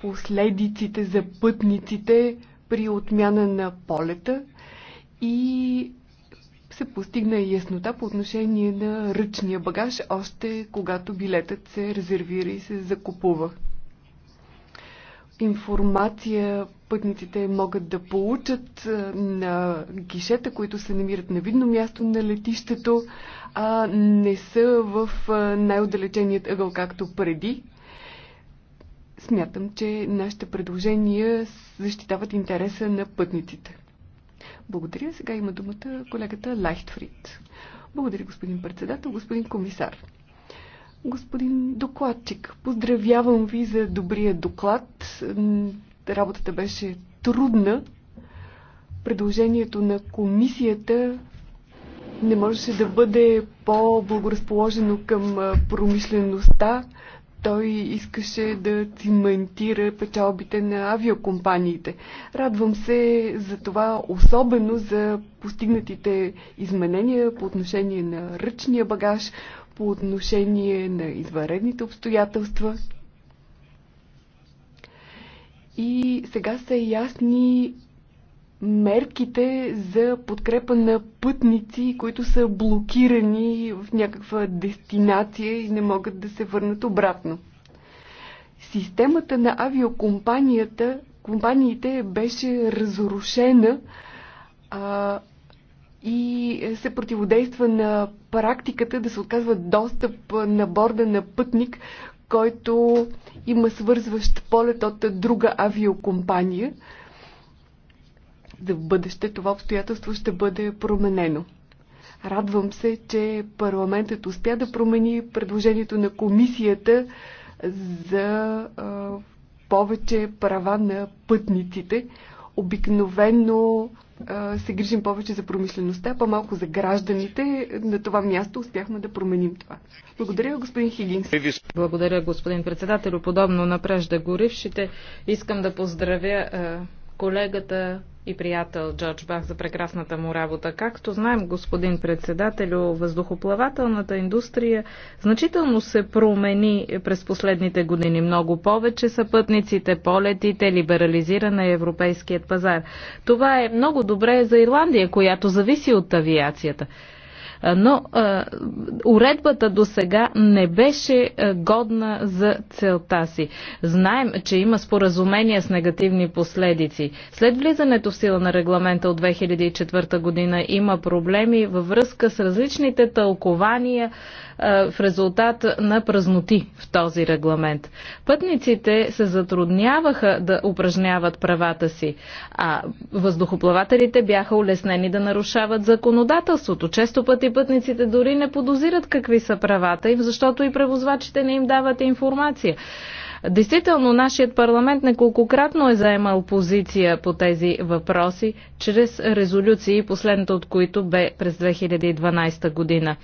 последиците за пътниците при отмяна на полета и се постигна яснота по отношение на ръчния багаж, още когато билетът се резервира и се закупува информация пътниците могат да получат на гишета, които се намират на видно място на летището, а не са в най-отдалеченият ъгъл, както преди. Смятам, че нашите предложения защитават интереса на пътниците. Благодаря. Сега има думата колегата Лайхтфрид. Благодаря, господин председател, господин комисар. Господин докладчик, поздравявам ви за добрия доклад. Работата беше трудна. Предложението на комисията не можеше да бъде по-благоразположено към промишлеността. Той искаше да циментира печалбите на авиокомпаниите. Радвам се за това, особено за постигнатите изменения по отношение на ръчния багаж, по отношение на извънредните обстоятелства. И сега са ясни мерките за подкрепа на пътници, които са блокирани в някаква дестинация и не могат да се върнат обратно. Системата на авиокомпанията, компаниите беше разрушена а, и се противодейства на практиката да се отказва достъп на борда на пътник, който има свързващ полет от друга авиокомпания. За в бъдеще това обстоятелство ще бъде променено. Радвам се, че парламентът успя да промени предложението на комисията за а, повече права на пътниците. Обикновено се грижим повече за промишлеността, по-малко за гражданите. На това място успяхме да променим това. Благодаря, господин Хигинс. Благодаря, господин председател. Подобно на преждегорившите, искам да поздравя колегата и приятел Джордж Бах за прекрасната му работа. Както знаем, господин председателю, въздухоплавателната индустрия значително се промени през последните години. Много повече са пътниците, полетите, либерализиране на европейският пазар. Това е много добре за Ирландия, която зависи от авиацията. Но уредбата до сега не беше годна за целта си. Знаем, че има споразумения с негативни последици. След влизането в сила на регламента от 2004 година има проблеми във връзка с различните тълкования в резултат на празноти в този регламент. Пътниците се затрудняваха да упражняват правата си, а въздухоплавателите бяха улеснени да нарушават законодателството. Често пъти пътниците дори не подозират какви са правата им, защото и превозвачите не им дават информация. Действително, нашият парламент неколкократно е заемал позиция по тези въпроси чрез резолюции, последната от които бе през 2012 година.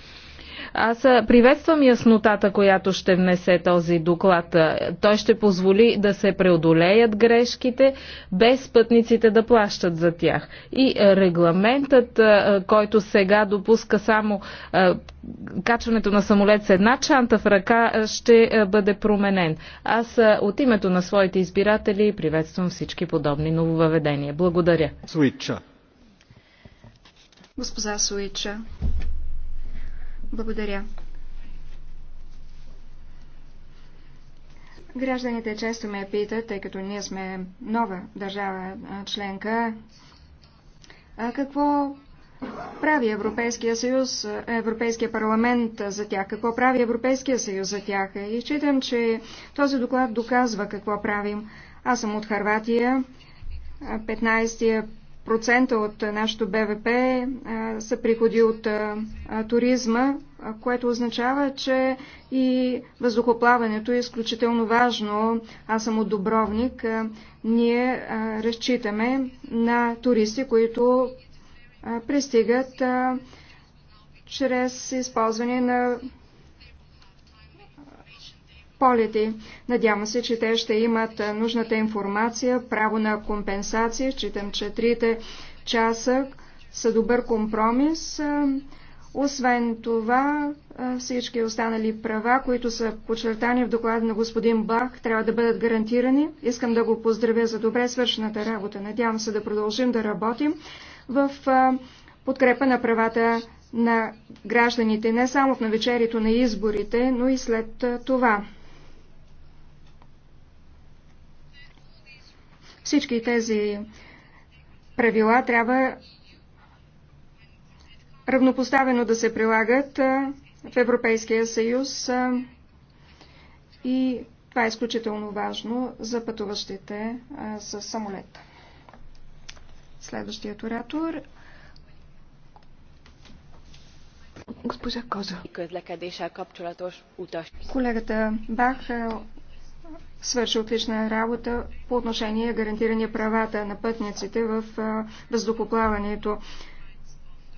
Аз приветствам яснотата, която ще внесе този доклад. Той ще позволи да се преодолеят грешките, без пътниците да плащат за тях. И регламентът, който сега допуска само качването на самолет с една чанта в ръка, ще бъде променен. Аз от името на своите избиратели приветствам всички подобни нововъведения. Благодаря. Суича. Госпожа Суича. Благодаря. Гражданите често ме питат, тъй като ние сме нова държава членка, а какво прави Европейския съюз, Европейския парламент за тях, какво прави Европейския съюз за тях. И считам, че този доклад доказва какво правим. Аз съм от Харватия. 15 процента от нашето БВП са приходи от туризма, което означава, че и въздухоплаването е изключително важно. Аз съм от Добровник. Ние разчитаме на туристи, които пристигат чрез използване на полети. Надявам се, че те ще имат нужната информация, право на компенсация. Читам, че трите часа са добър компромис. Освен това, всички останали права, които са подчертани в доклада на господин Бах, трябва да бъдат гарантирани. Искам да го поздравя за добре свършената работа. Надявам се да продължим да работим в подкрепа на правата на гражданите, не само в навечерието на изборите, но и след това. Всички тези правила трябва равнопоставено да се прилагат в Европейския съюз и това е изключително важно за пътуващите с самолет. Следващият оратор Госпожа Коза. Колегата Бах свърши отлична работа по отношение гарантиране правата на пътниците в въздухоплаването.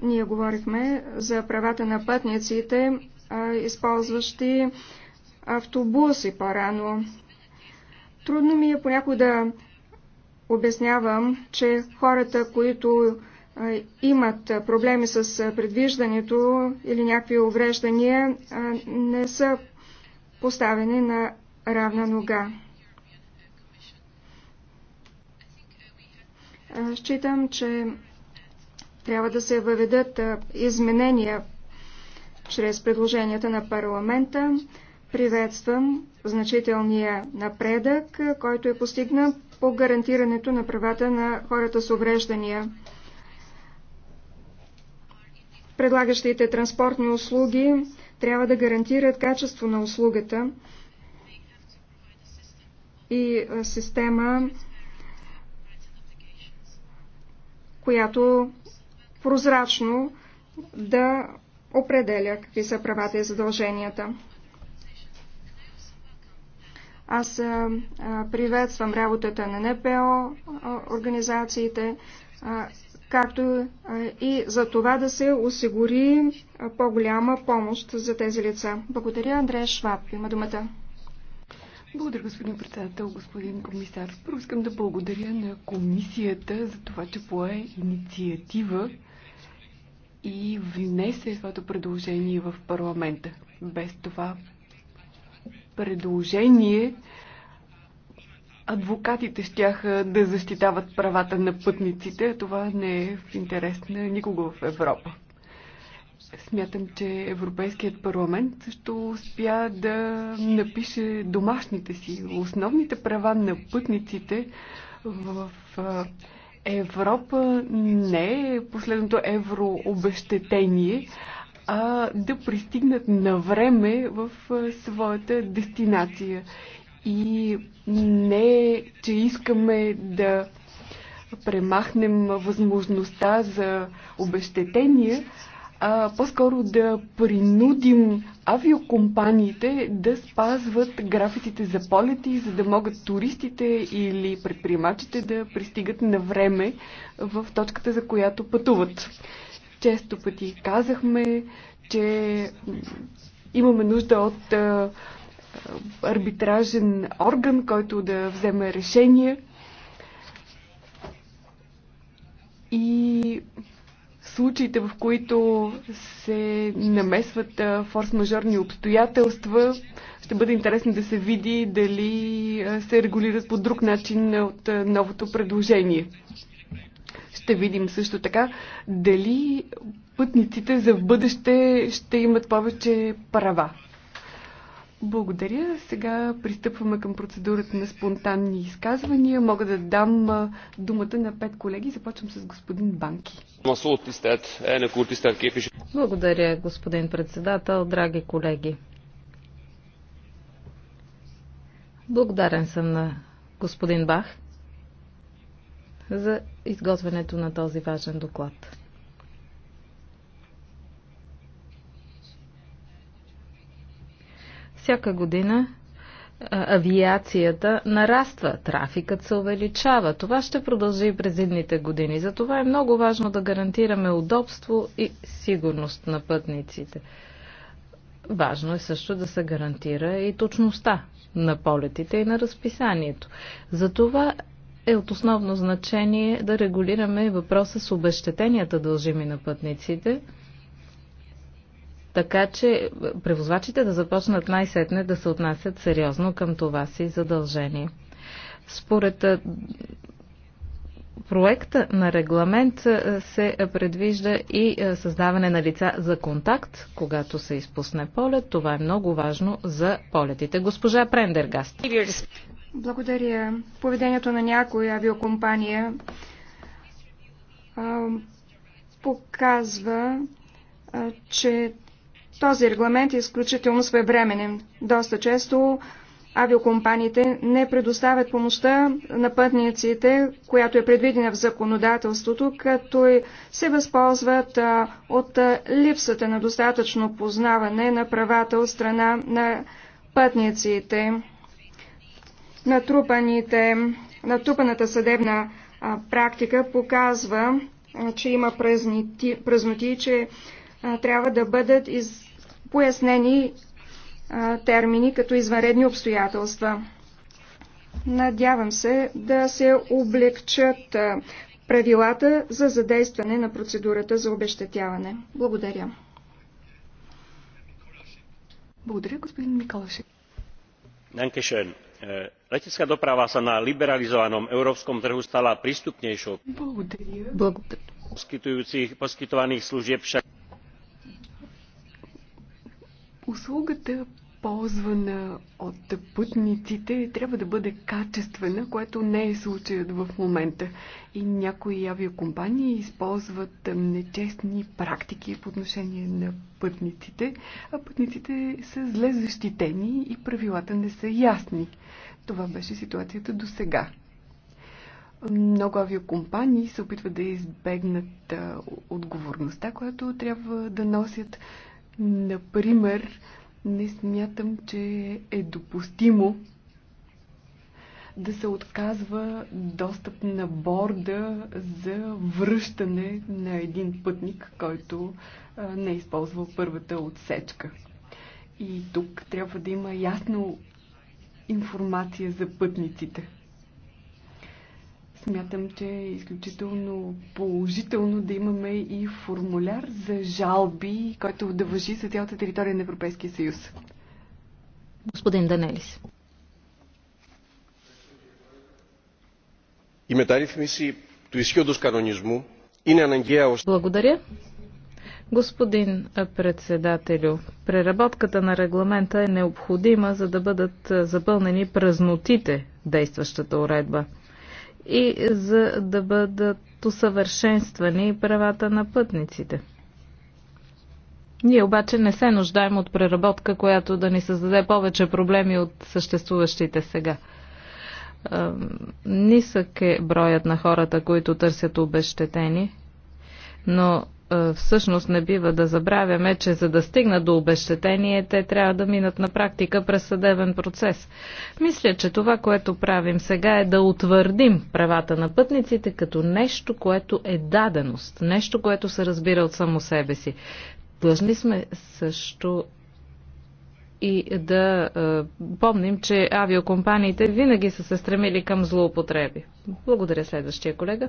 Ние говорихме за правата на пътниците, използващи автобуси по-рано. Трудно ми е понякога да обяснявам, че хората, които имат проблеми с предвиждането или някакви увреждания, не са поставени на равна нога. Считам, че трябва да се въведат изменения чрез предложенията на парламента. Приветствам значителния напредък, който е постигнат по гарантирането на правата на хората с увреждания. Предлагащите транспортни услуги трябва да гарантират качество на услугата, и система, която прозрачно да определя какви са правата и задълженията. Аз приветствам работата на НПО организациите, както и за това да се осигури по-голяма помощ за тези лица. Благодаря, Андрея Шваб. Има думата. Благодаря, господин председател, господин комисар. Първо искам да благодаря на комисията за това, че пое инициатива и внесе своето предложение в парламента. Без това предложение адвокатите щяха да защитават правата на пътниците, а това не е в интерес на никого в Европа. Смятам, че Европейският парламент също успя да напише домашните си основните права на пътниците в Европа не е последното еврообещетение, а да пристигнат на време в своята дестинация. И не, е, че искаме да премахнем възможността за обещетения, а по-скоро да принудим авиокомпаниите да спазват графиците за полети, за да могат туристите или предприемачите да пристигат на време в точката, за която пътуват. Често пъти казахме, че имаме нужда от арбитражен орган, който да вземе решение. И случаите, в които се намесват форс-мажорни обстоятелства, ще бъде интересно да се види дали се регулират по друг начин от новото предложение. Ще видим също така дали пътниците за в бъдеще ще имат повече права. Благодаря. Сега пристъпваме към процедурата на спонтанни изказвания. Мога да дам думата на пет колеги. Започвам с господин Банки. Благодаря, господин председател, драги колеги. Благодарен съм на господин Бах за изготвянето на този важен доклад. Всяка година авиацията нараства, трафикът се увеличава. Това ще продължи и през едните години. Затова е много важно да гарантираме удобство и сигурност на пътниците. Важно е също да се гарантира и точността на полетите и на разписанието. Затова е от основно значение да регулираме въпроса с обещетенията дължими на пътниците – така че е, превозвачите да започнат най-сетне да се отнасят сериозно към това си задължение. Според е, проекта на регламент е, се предвижда и създаване на лица за контакт, когато се изпусне полет. Това е много важно за полетите. Госпожа Прендергаст. Благодаря. Поведението на някоя авиокомпания показва, че този регламент е изключително своевременен. Доста често авиокомпаниите не предоставят помощта на пътниците, която е предвидена в законодателството, като се възползват от липсата на достатъчно познаване на правата от страна на пътниците. Натрупаните, натрупаната съдебна практика показва, че има празноти, празноти че трябва да бъдат из... пояснени а, термини като извънредни обстоятелства. Надявам се да се облегчат а, правилата за задействане на процедурата за обещетяване. Благодаря. Благодаря, господин Миколашек. Dankeschön. Э, letecká доправа са на либерализованом европском trhu стала приступнейшо. Благодаря. Благодаря. Poskytujúcich, служеб služieb však Услугата, ползвана от пътниците, трябва да бъде качествена, което не е случаят в момента. И някои авиакомпании използват нечестни практики по отношение на пътниците, а пътниците са зле защитени и правилата не са ясни. Това беше ситуацията до сега. Много авиокомпании се опитват да избегнат отговорността, която трябва да носят. Например, не смятам, че е допустимо да се отказва достъп на борда за връщане на един пътник, който не е използвал първата отсечка. И тук трябва да има ясно информация за пътниците. Смятам, че е изключително положително да имаме и формуляр за жалби, който да въжи за цялата територия на Европейския съюз. Господин Данелис. Η μεταρρύθμιση του досканонизму и не αναγκαία още... Благодаря. Господин председателю, преработката на регламента е необходима, за да бъдат запълнени празнотите действащата уредба и за да бъдат усъвършенствани правата на пътниците. Ние обаче не се нуждаем от преработка, която да ни създаде повече проблеми от съществуващите сега. Нисък е броят на хората, които търсят обещетени, но е, всъщност не бива да забравяме, че за да стигнат до обещетение, те трябва да минат на практика през съдебен процес. Мисля, че това, което правим сега е да утвърдим правата на пътниците като нещо, което е даденост, нещо, което се разбира от само себе си. Длъжни сме също и да е, помним, че авиокомпаниите винаги са се стремили към злоупотреби. Благодаря следващия колега.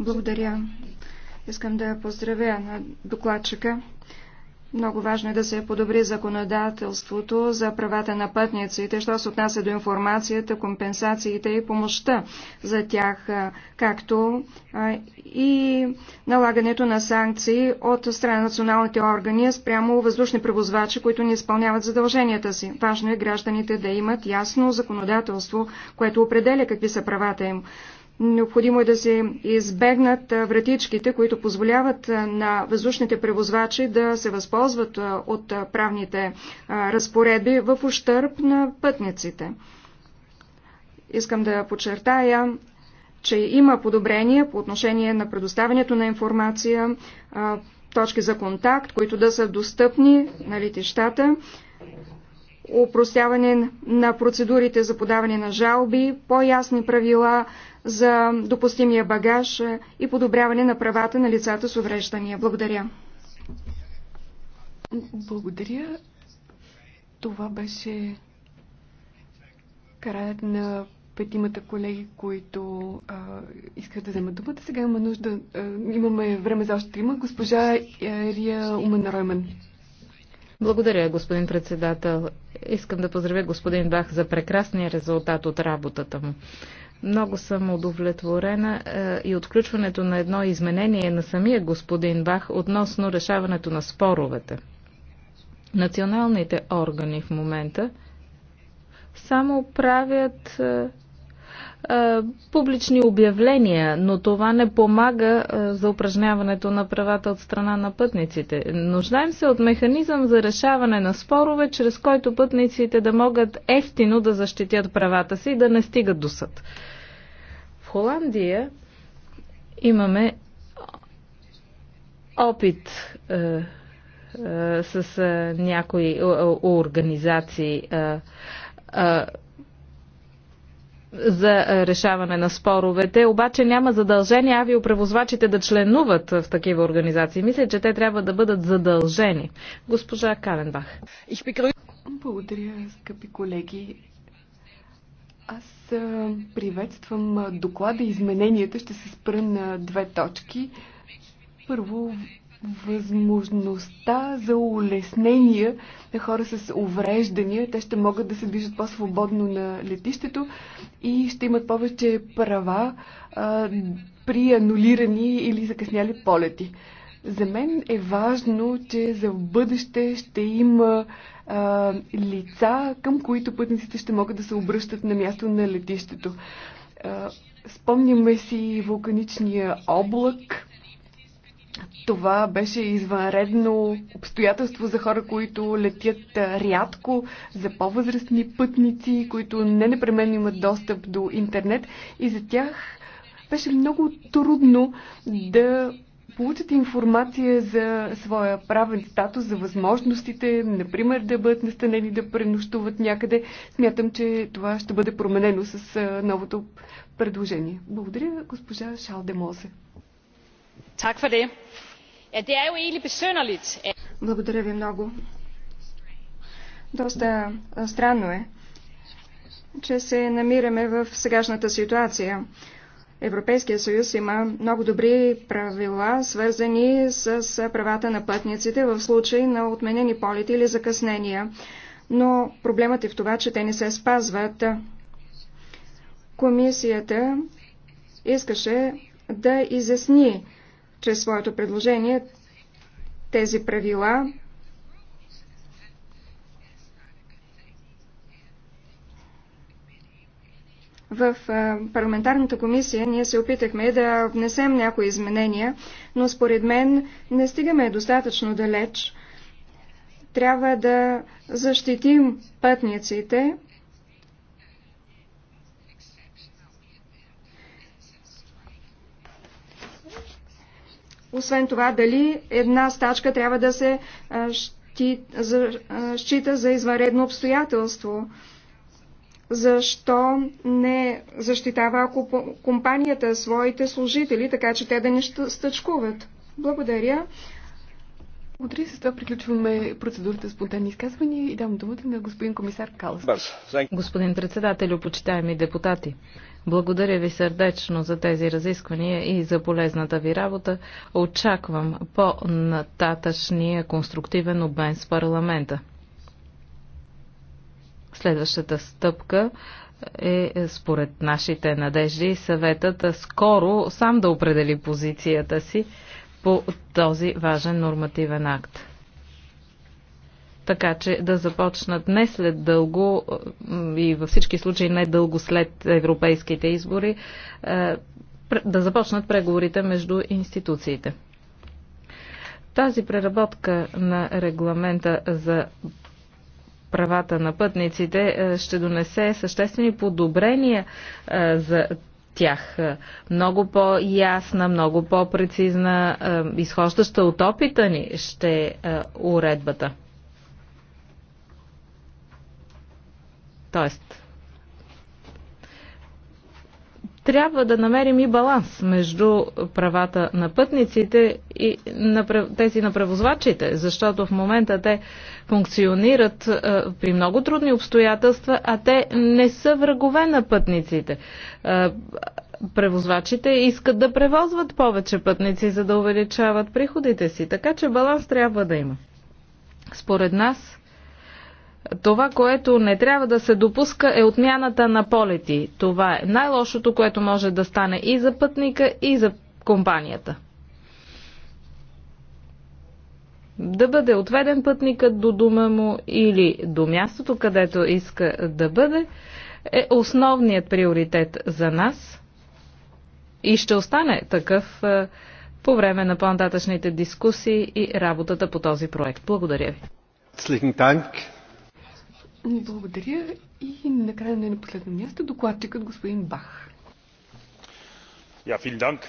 Благодаря. Искам да поздравя на докладчика. Много важно е да се подобри законодателството за правата на пътниците, що се отнася до информацията, компенсациите и помощта за тях, както и налагането на санкции от страна на националните органи спрямо въздушни превозвачи, които не изпълняват задълженията си. Важно е гражданите да имат ясно законодателство, което определя какви са правата им. Необходимо е да се избегнат вратичките, които позволяват на въздушните превозвачи да се възползват от правните разпоредби в ущърп на пътниците. Искам да подчертая, че има подобрения по отношение на предоставянето на информация, точки за контакт, които да са достъпни на летищата, упростяване на процедурите за подаване на жалби, по-ясни правила за допустимия багаж и подобряване на правата на лицата с увреждания. Благодаря. Благодаря. Това беше краят на петимата колеги, които а, искат да вземат думата. Сега има нужда, а, имаме време за още има. Госпожа Умен Ройман. Благодаря, господин председател. Искам да поздравя господин Бах за прекрасния резултат от работата му. Много съм удовлетворена е, и отключването на едно изменение на самия господин Бах относно решаването на споровете. Националните органи в момента само правят е, е, публични обявления, но това не помага за упражняването на правата от страна на пътниците. Нуждаем се от механизъм за решаване на спорове, чрез който пътниците да могат ефтино да защитят правата си и да не стигат до съд. В Холандия имаме опит е, е, с е, някои е, е, организации. Е, е, за решаване на споровете, обаче няма задължение авиопревозвачите да членуват в такива организации. Мисля, че те трябва да бъдат задължени. Госпожа Каленбах. Благодаря, скъпи колеги. Аз приветствам доклада и измененията. Ще се спра на две точки. Първо, възможността за улеснения на хора с увреждания. Те ще могат да се движат по-свободно на летището и ще имат повече права а, при анулирани или закъсняли полети. За мен е важно, че за бъдеще ще има а, лица, към които пътниците ще могат да се обръщат на място на летището. А, спомняме си вулканичния облак. Това беше извънредно обстоятелство за хора, които летят рядко, за по-възрастни пътници, които не непременно имат достъп до интернет и за тях беше много трудно да получат информация за своя правен статус, за възможностите, например да бъдат настанени, да пренощуват някъде. Смятам, че това ще бъде променено с новото предложение. Благодаря, госпожа Шал Так е, е. Благодаря ви много. Доста странно е, че се намираме в сегашната ситуация. Европейския съюз има много добри правила, свързани с правата на пътниците в случай на отменени полети или закъснения. Но проблемът е в това, че те не се спазват. Комисията искаше да изясни чрез своето предложение тези правила В парламентарната комисия ние се опитахме да внесем някои изменения, но според мен не стигаме достатъчно далеч. Трябва да защитим пътниците, Освен това, дали една стачка трябва да се счита за извънредно обстоятелство защо не защитава компанията своите служители, така че те да не стъчкуват. Благодаря. Утре С това приключваме процедурата спонтанни изказвания и дам думата на господин комисар Калас. Господин председател, почитаеми депутати, благодаря ви сърдечно за тези разисквания и за полезната ви работа. Очаквам по-нататъчния конструктивен обмен с парламента. Следващата стъпка е, е според нашите надежди съветът е скоро сам да определи позицията си по този важен нормативен акт. Така че да започнат не след дълго и във всички случаи не дълго след европейските избори, е, да започнат преговорите между институциите. Тази преработка на регламента за правата на пътниците е, ще донесе съществени подобрения е, за тях. Е, много по-ясна, много по-прецизна, изхождаща от опита ни ще е уредбата. Тоест, трябва да намерим и баланс между правата на пътниците и на, тези на превозвачите, защото в момента те функционират а, е, при много трудни обстоятелства, а те не са врагове на пътниците. А, е, превозвачите искат да превозват повече пътници, за да увеличават приходите си, така че баланс трябва да има. Според нас, това, което не трябва да се допуска е отмяната на полети. Това е най-лошото, което може да стане и за пътника, и за компанията. Да бъде отведен пътникът до дома му или до мястото, където иска да бъде, е основният приоритет за нас и ще остане такъв е, по време на по-нататъчните дискусии и работата по този проект. Благодаря ви. Благодаря и накрая не на последно място докладчикът господин Бах. Я, филданк.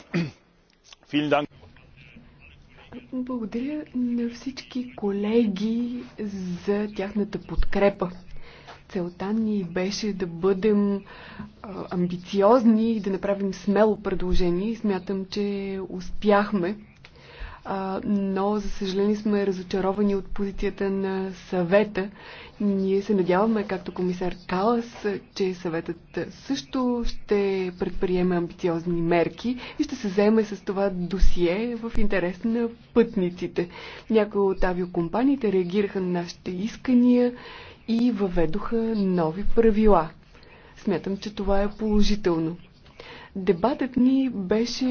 Филданк. Благодаря на всички колеги за тяхната подкрепа. Целта ни беше да бъдем амбициозни и да направим смело предложение и смятам, че успяхме а, но за съжаление сме разочаровани от позицията на съвета. Ние се надяваме, както комисар Калас, че съветът също ще предприеме амбициозни мерки и ще се заеме с това досие в интерес на пътниците. Някои от авиокомпаниите реагираха на нашите искания и въведоха нови правила. Смятам, че това е положително. Дебатът ни беше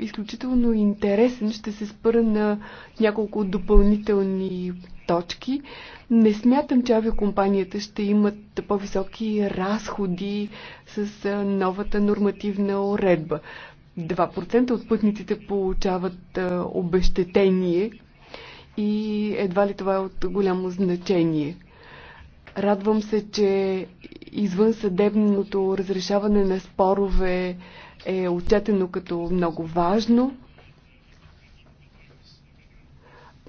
изключително интересен. Ще се спра на няколко допълнителни точки. Не смятам, че авиокомпанията ще имат по-високи разходи с новата нормативна уредба. 2% от пътниците получават обещетение и едва ли това е от голямо значение. Радвам се, че извън съдебното разрешаване на спорове е отчетено като много важно,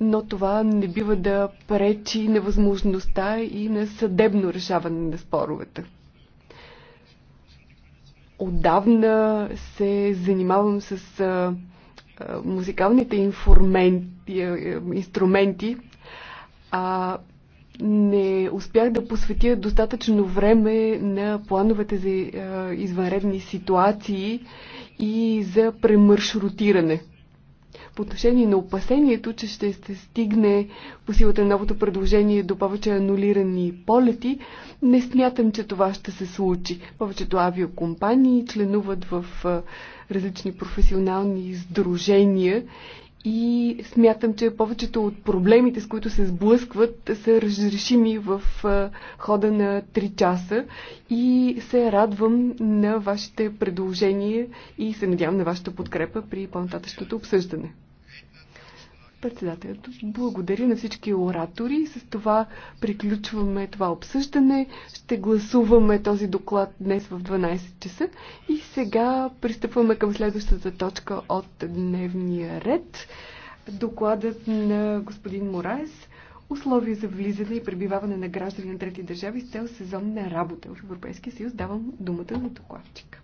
но това не бива да пречи невъзможността и на съдебно решаване на споровете. Отдавна се занимавам с а, а, музикалните инструменти, а, не успях да посветя достатъчно време на плановете за е, извънредни ситуации и за премаршрутиране. По отношение на опасението, че ще се стигне по силата на новото предложение до повече анулирани полети, не смятам, че това ще се случи. Повечето авиокомпании членуват в е, различни професионални сдружения и смятам, че повечето от проблемите, с които се сблъскват, са разрешими в хода на 3 часа и се радвам на вашите предложения и се надявам на вашата подкрепа при по-нататъчното обсъждане. Председателят, благодаря на всички оратори. С това приключваме това обсъждане. Ще гласуваме този доклад днес в 12 часа. И сега пристъпваме към следващата точка от дневния ред. Докладът на господин Морайс условия за влизане и пребиваване на граждани на трети държави с цел сезонна работа в Европейския съюз. Давам думата на докладчика.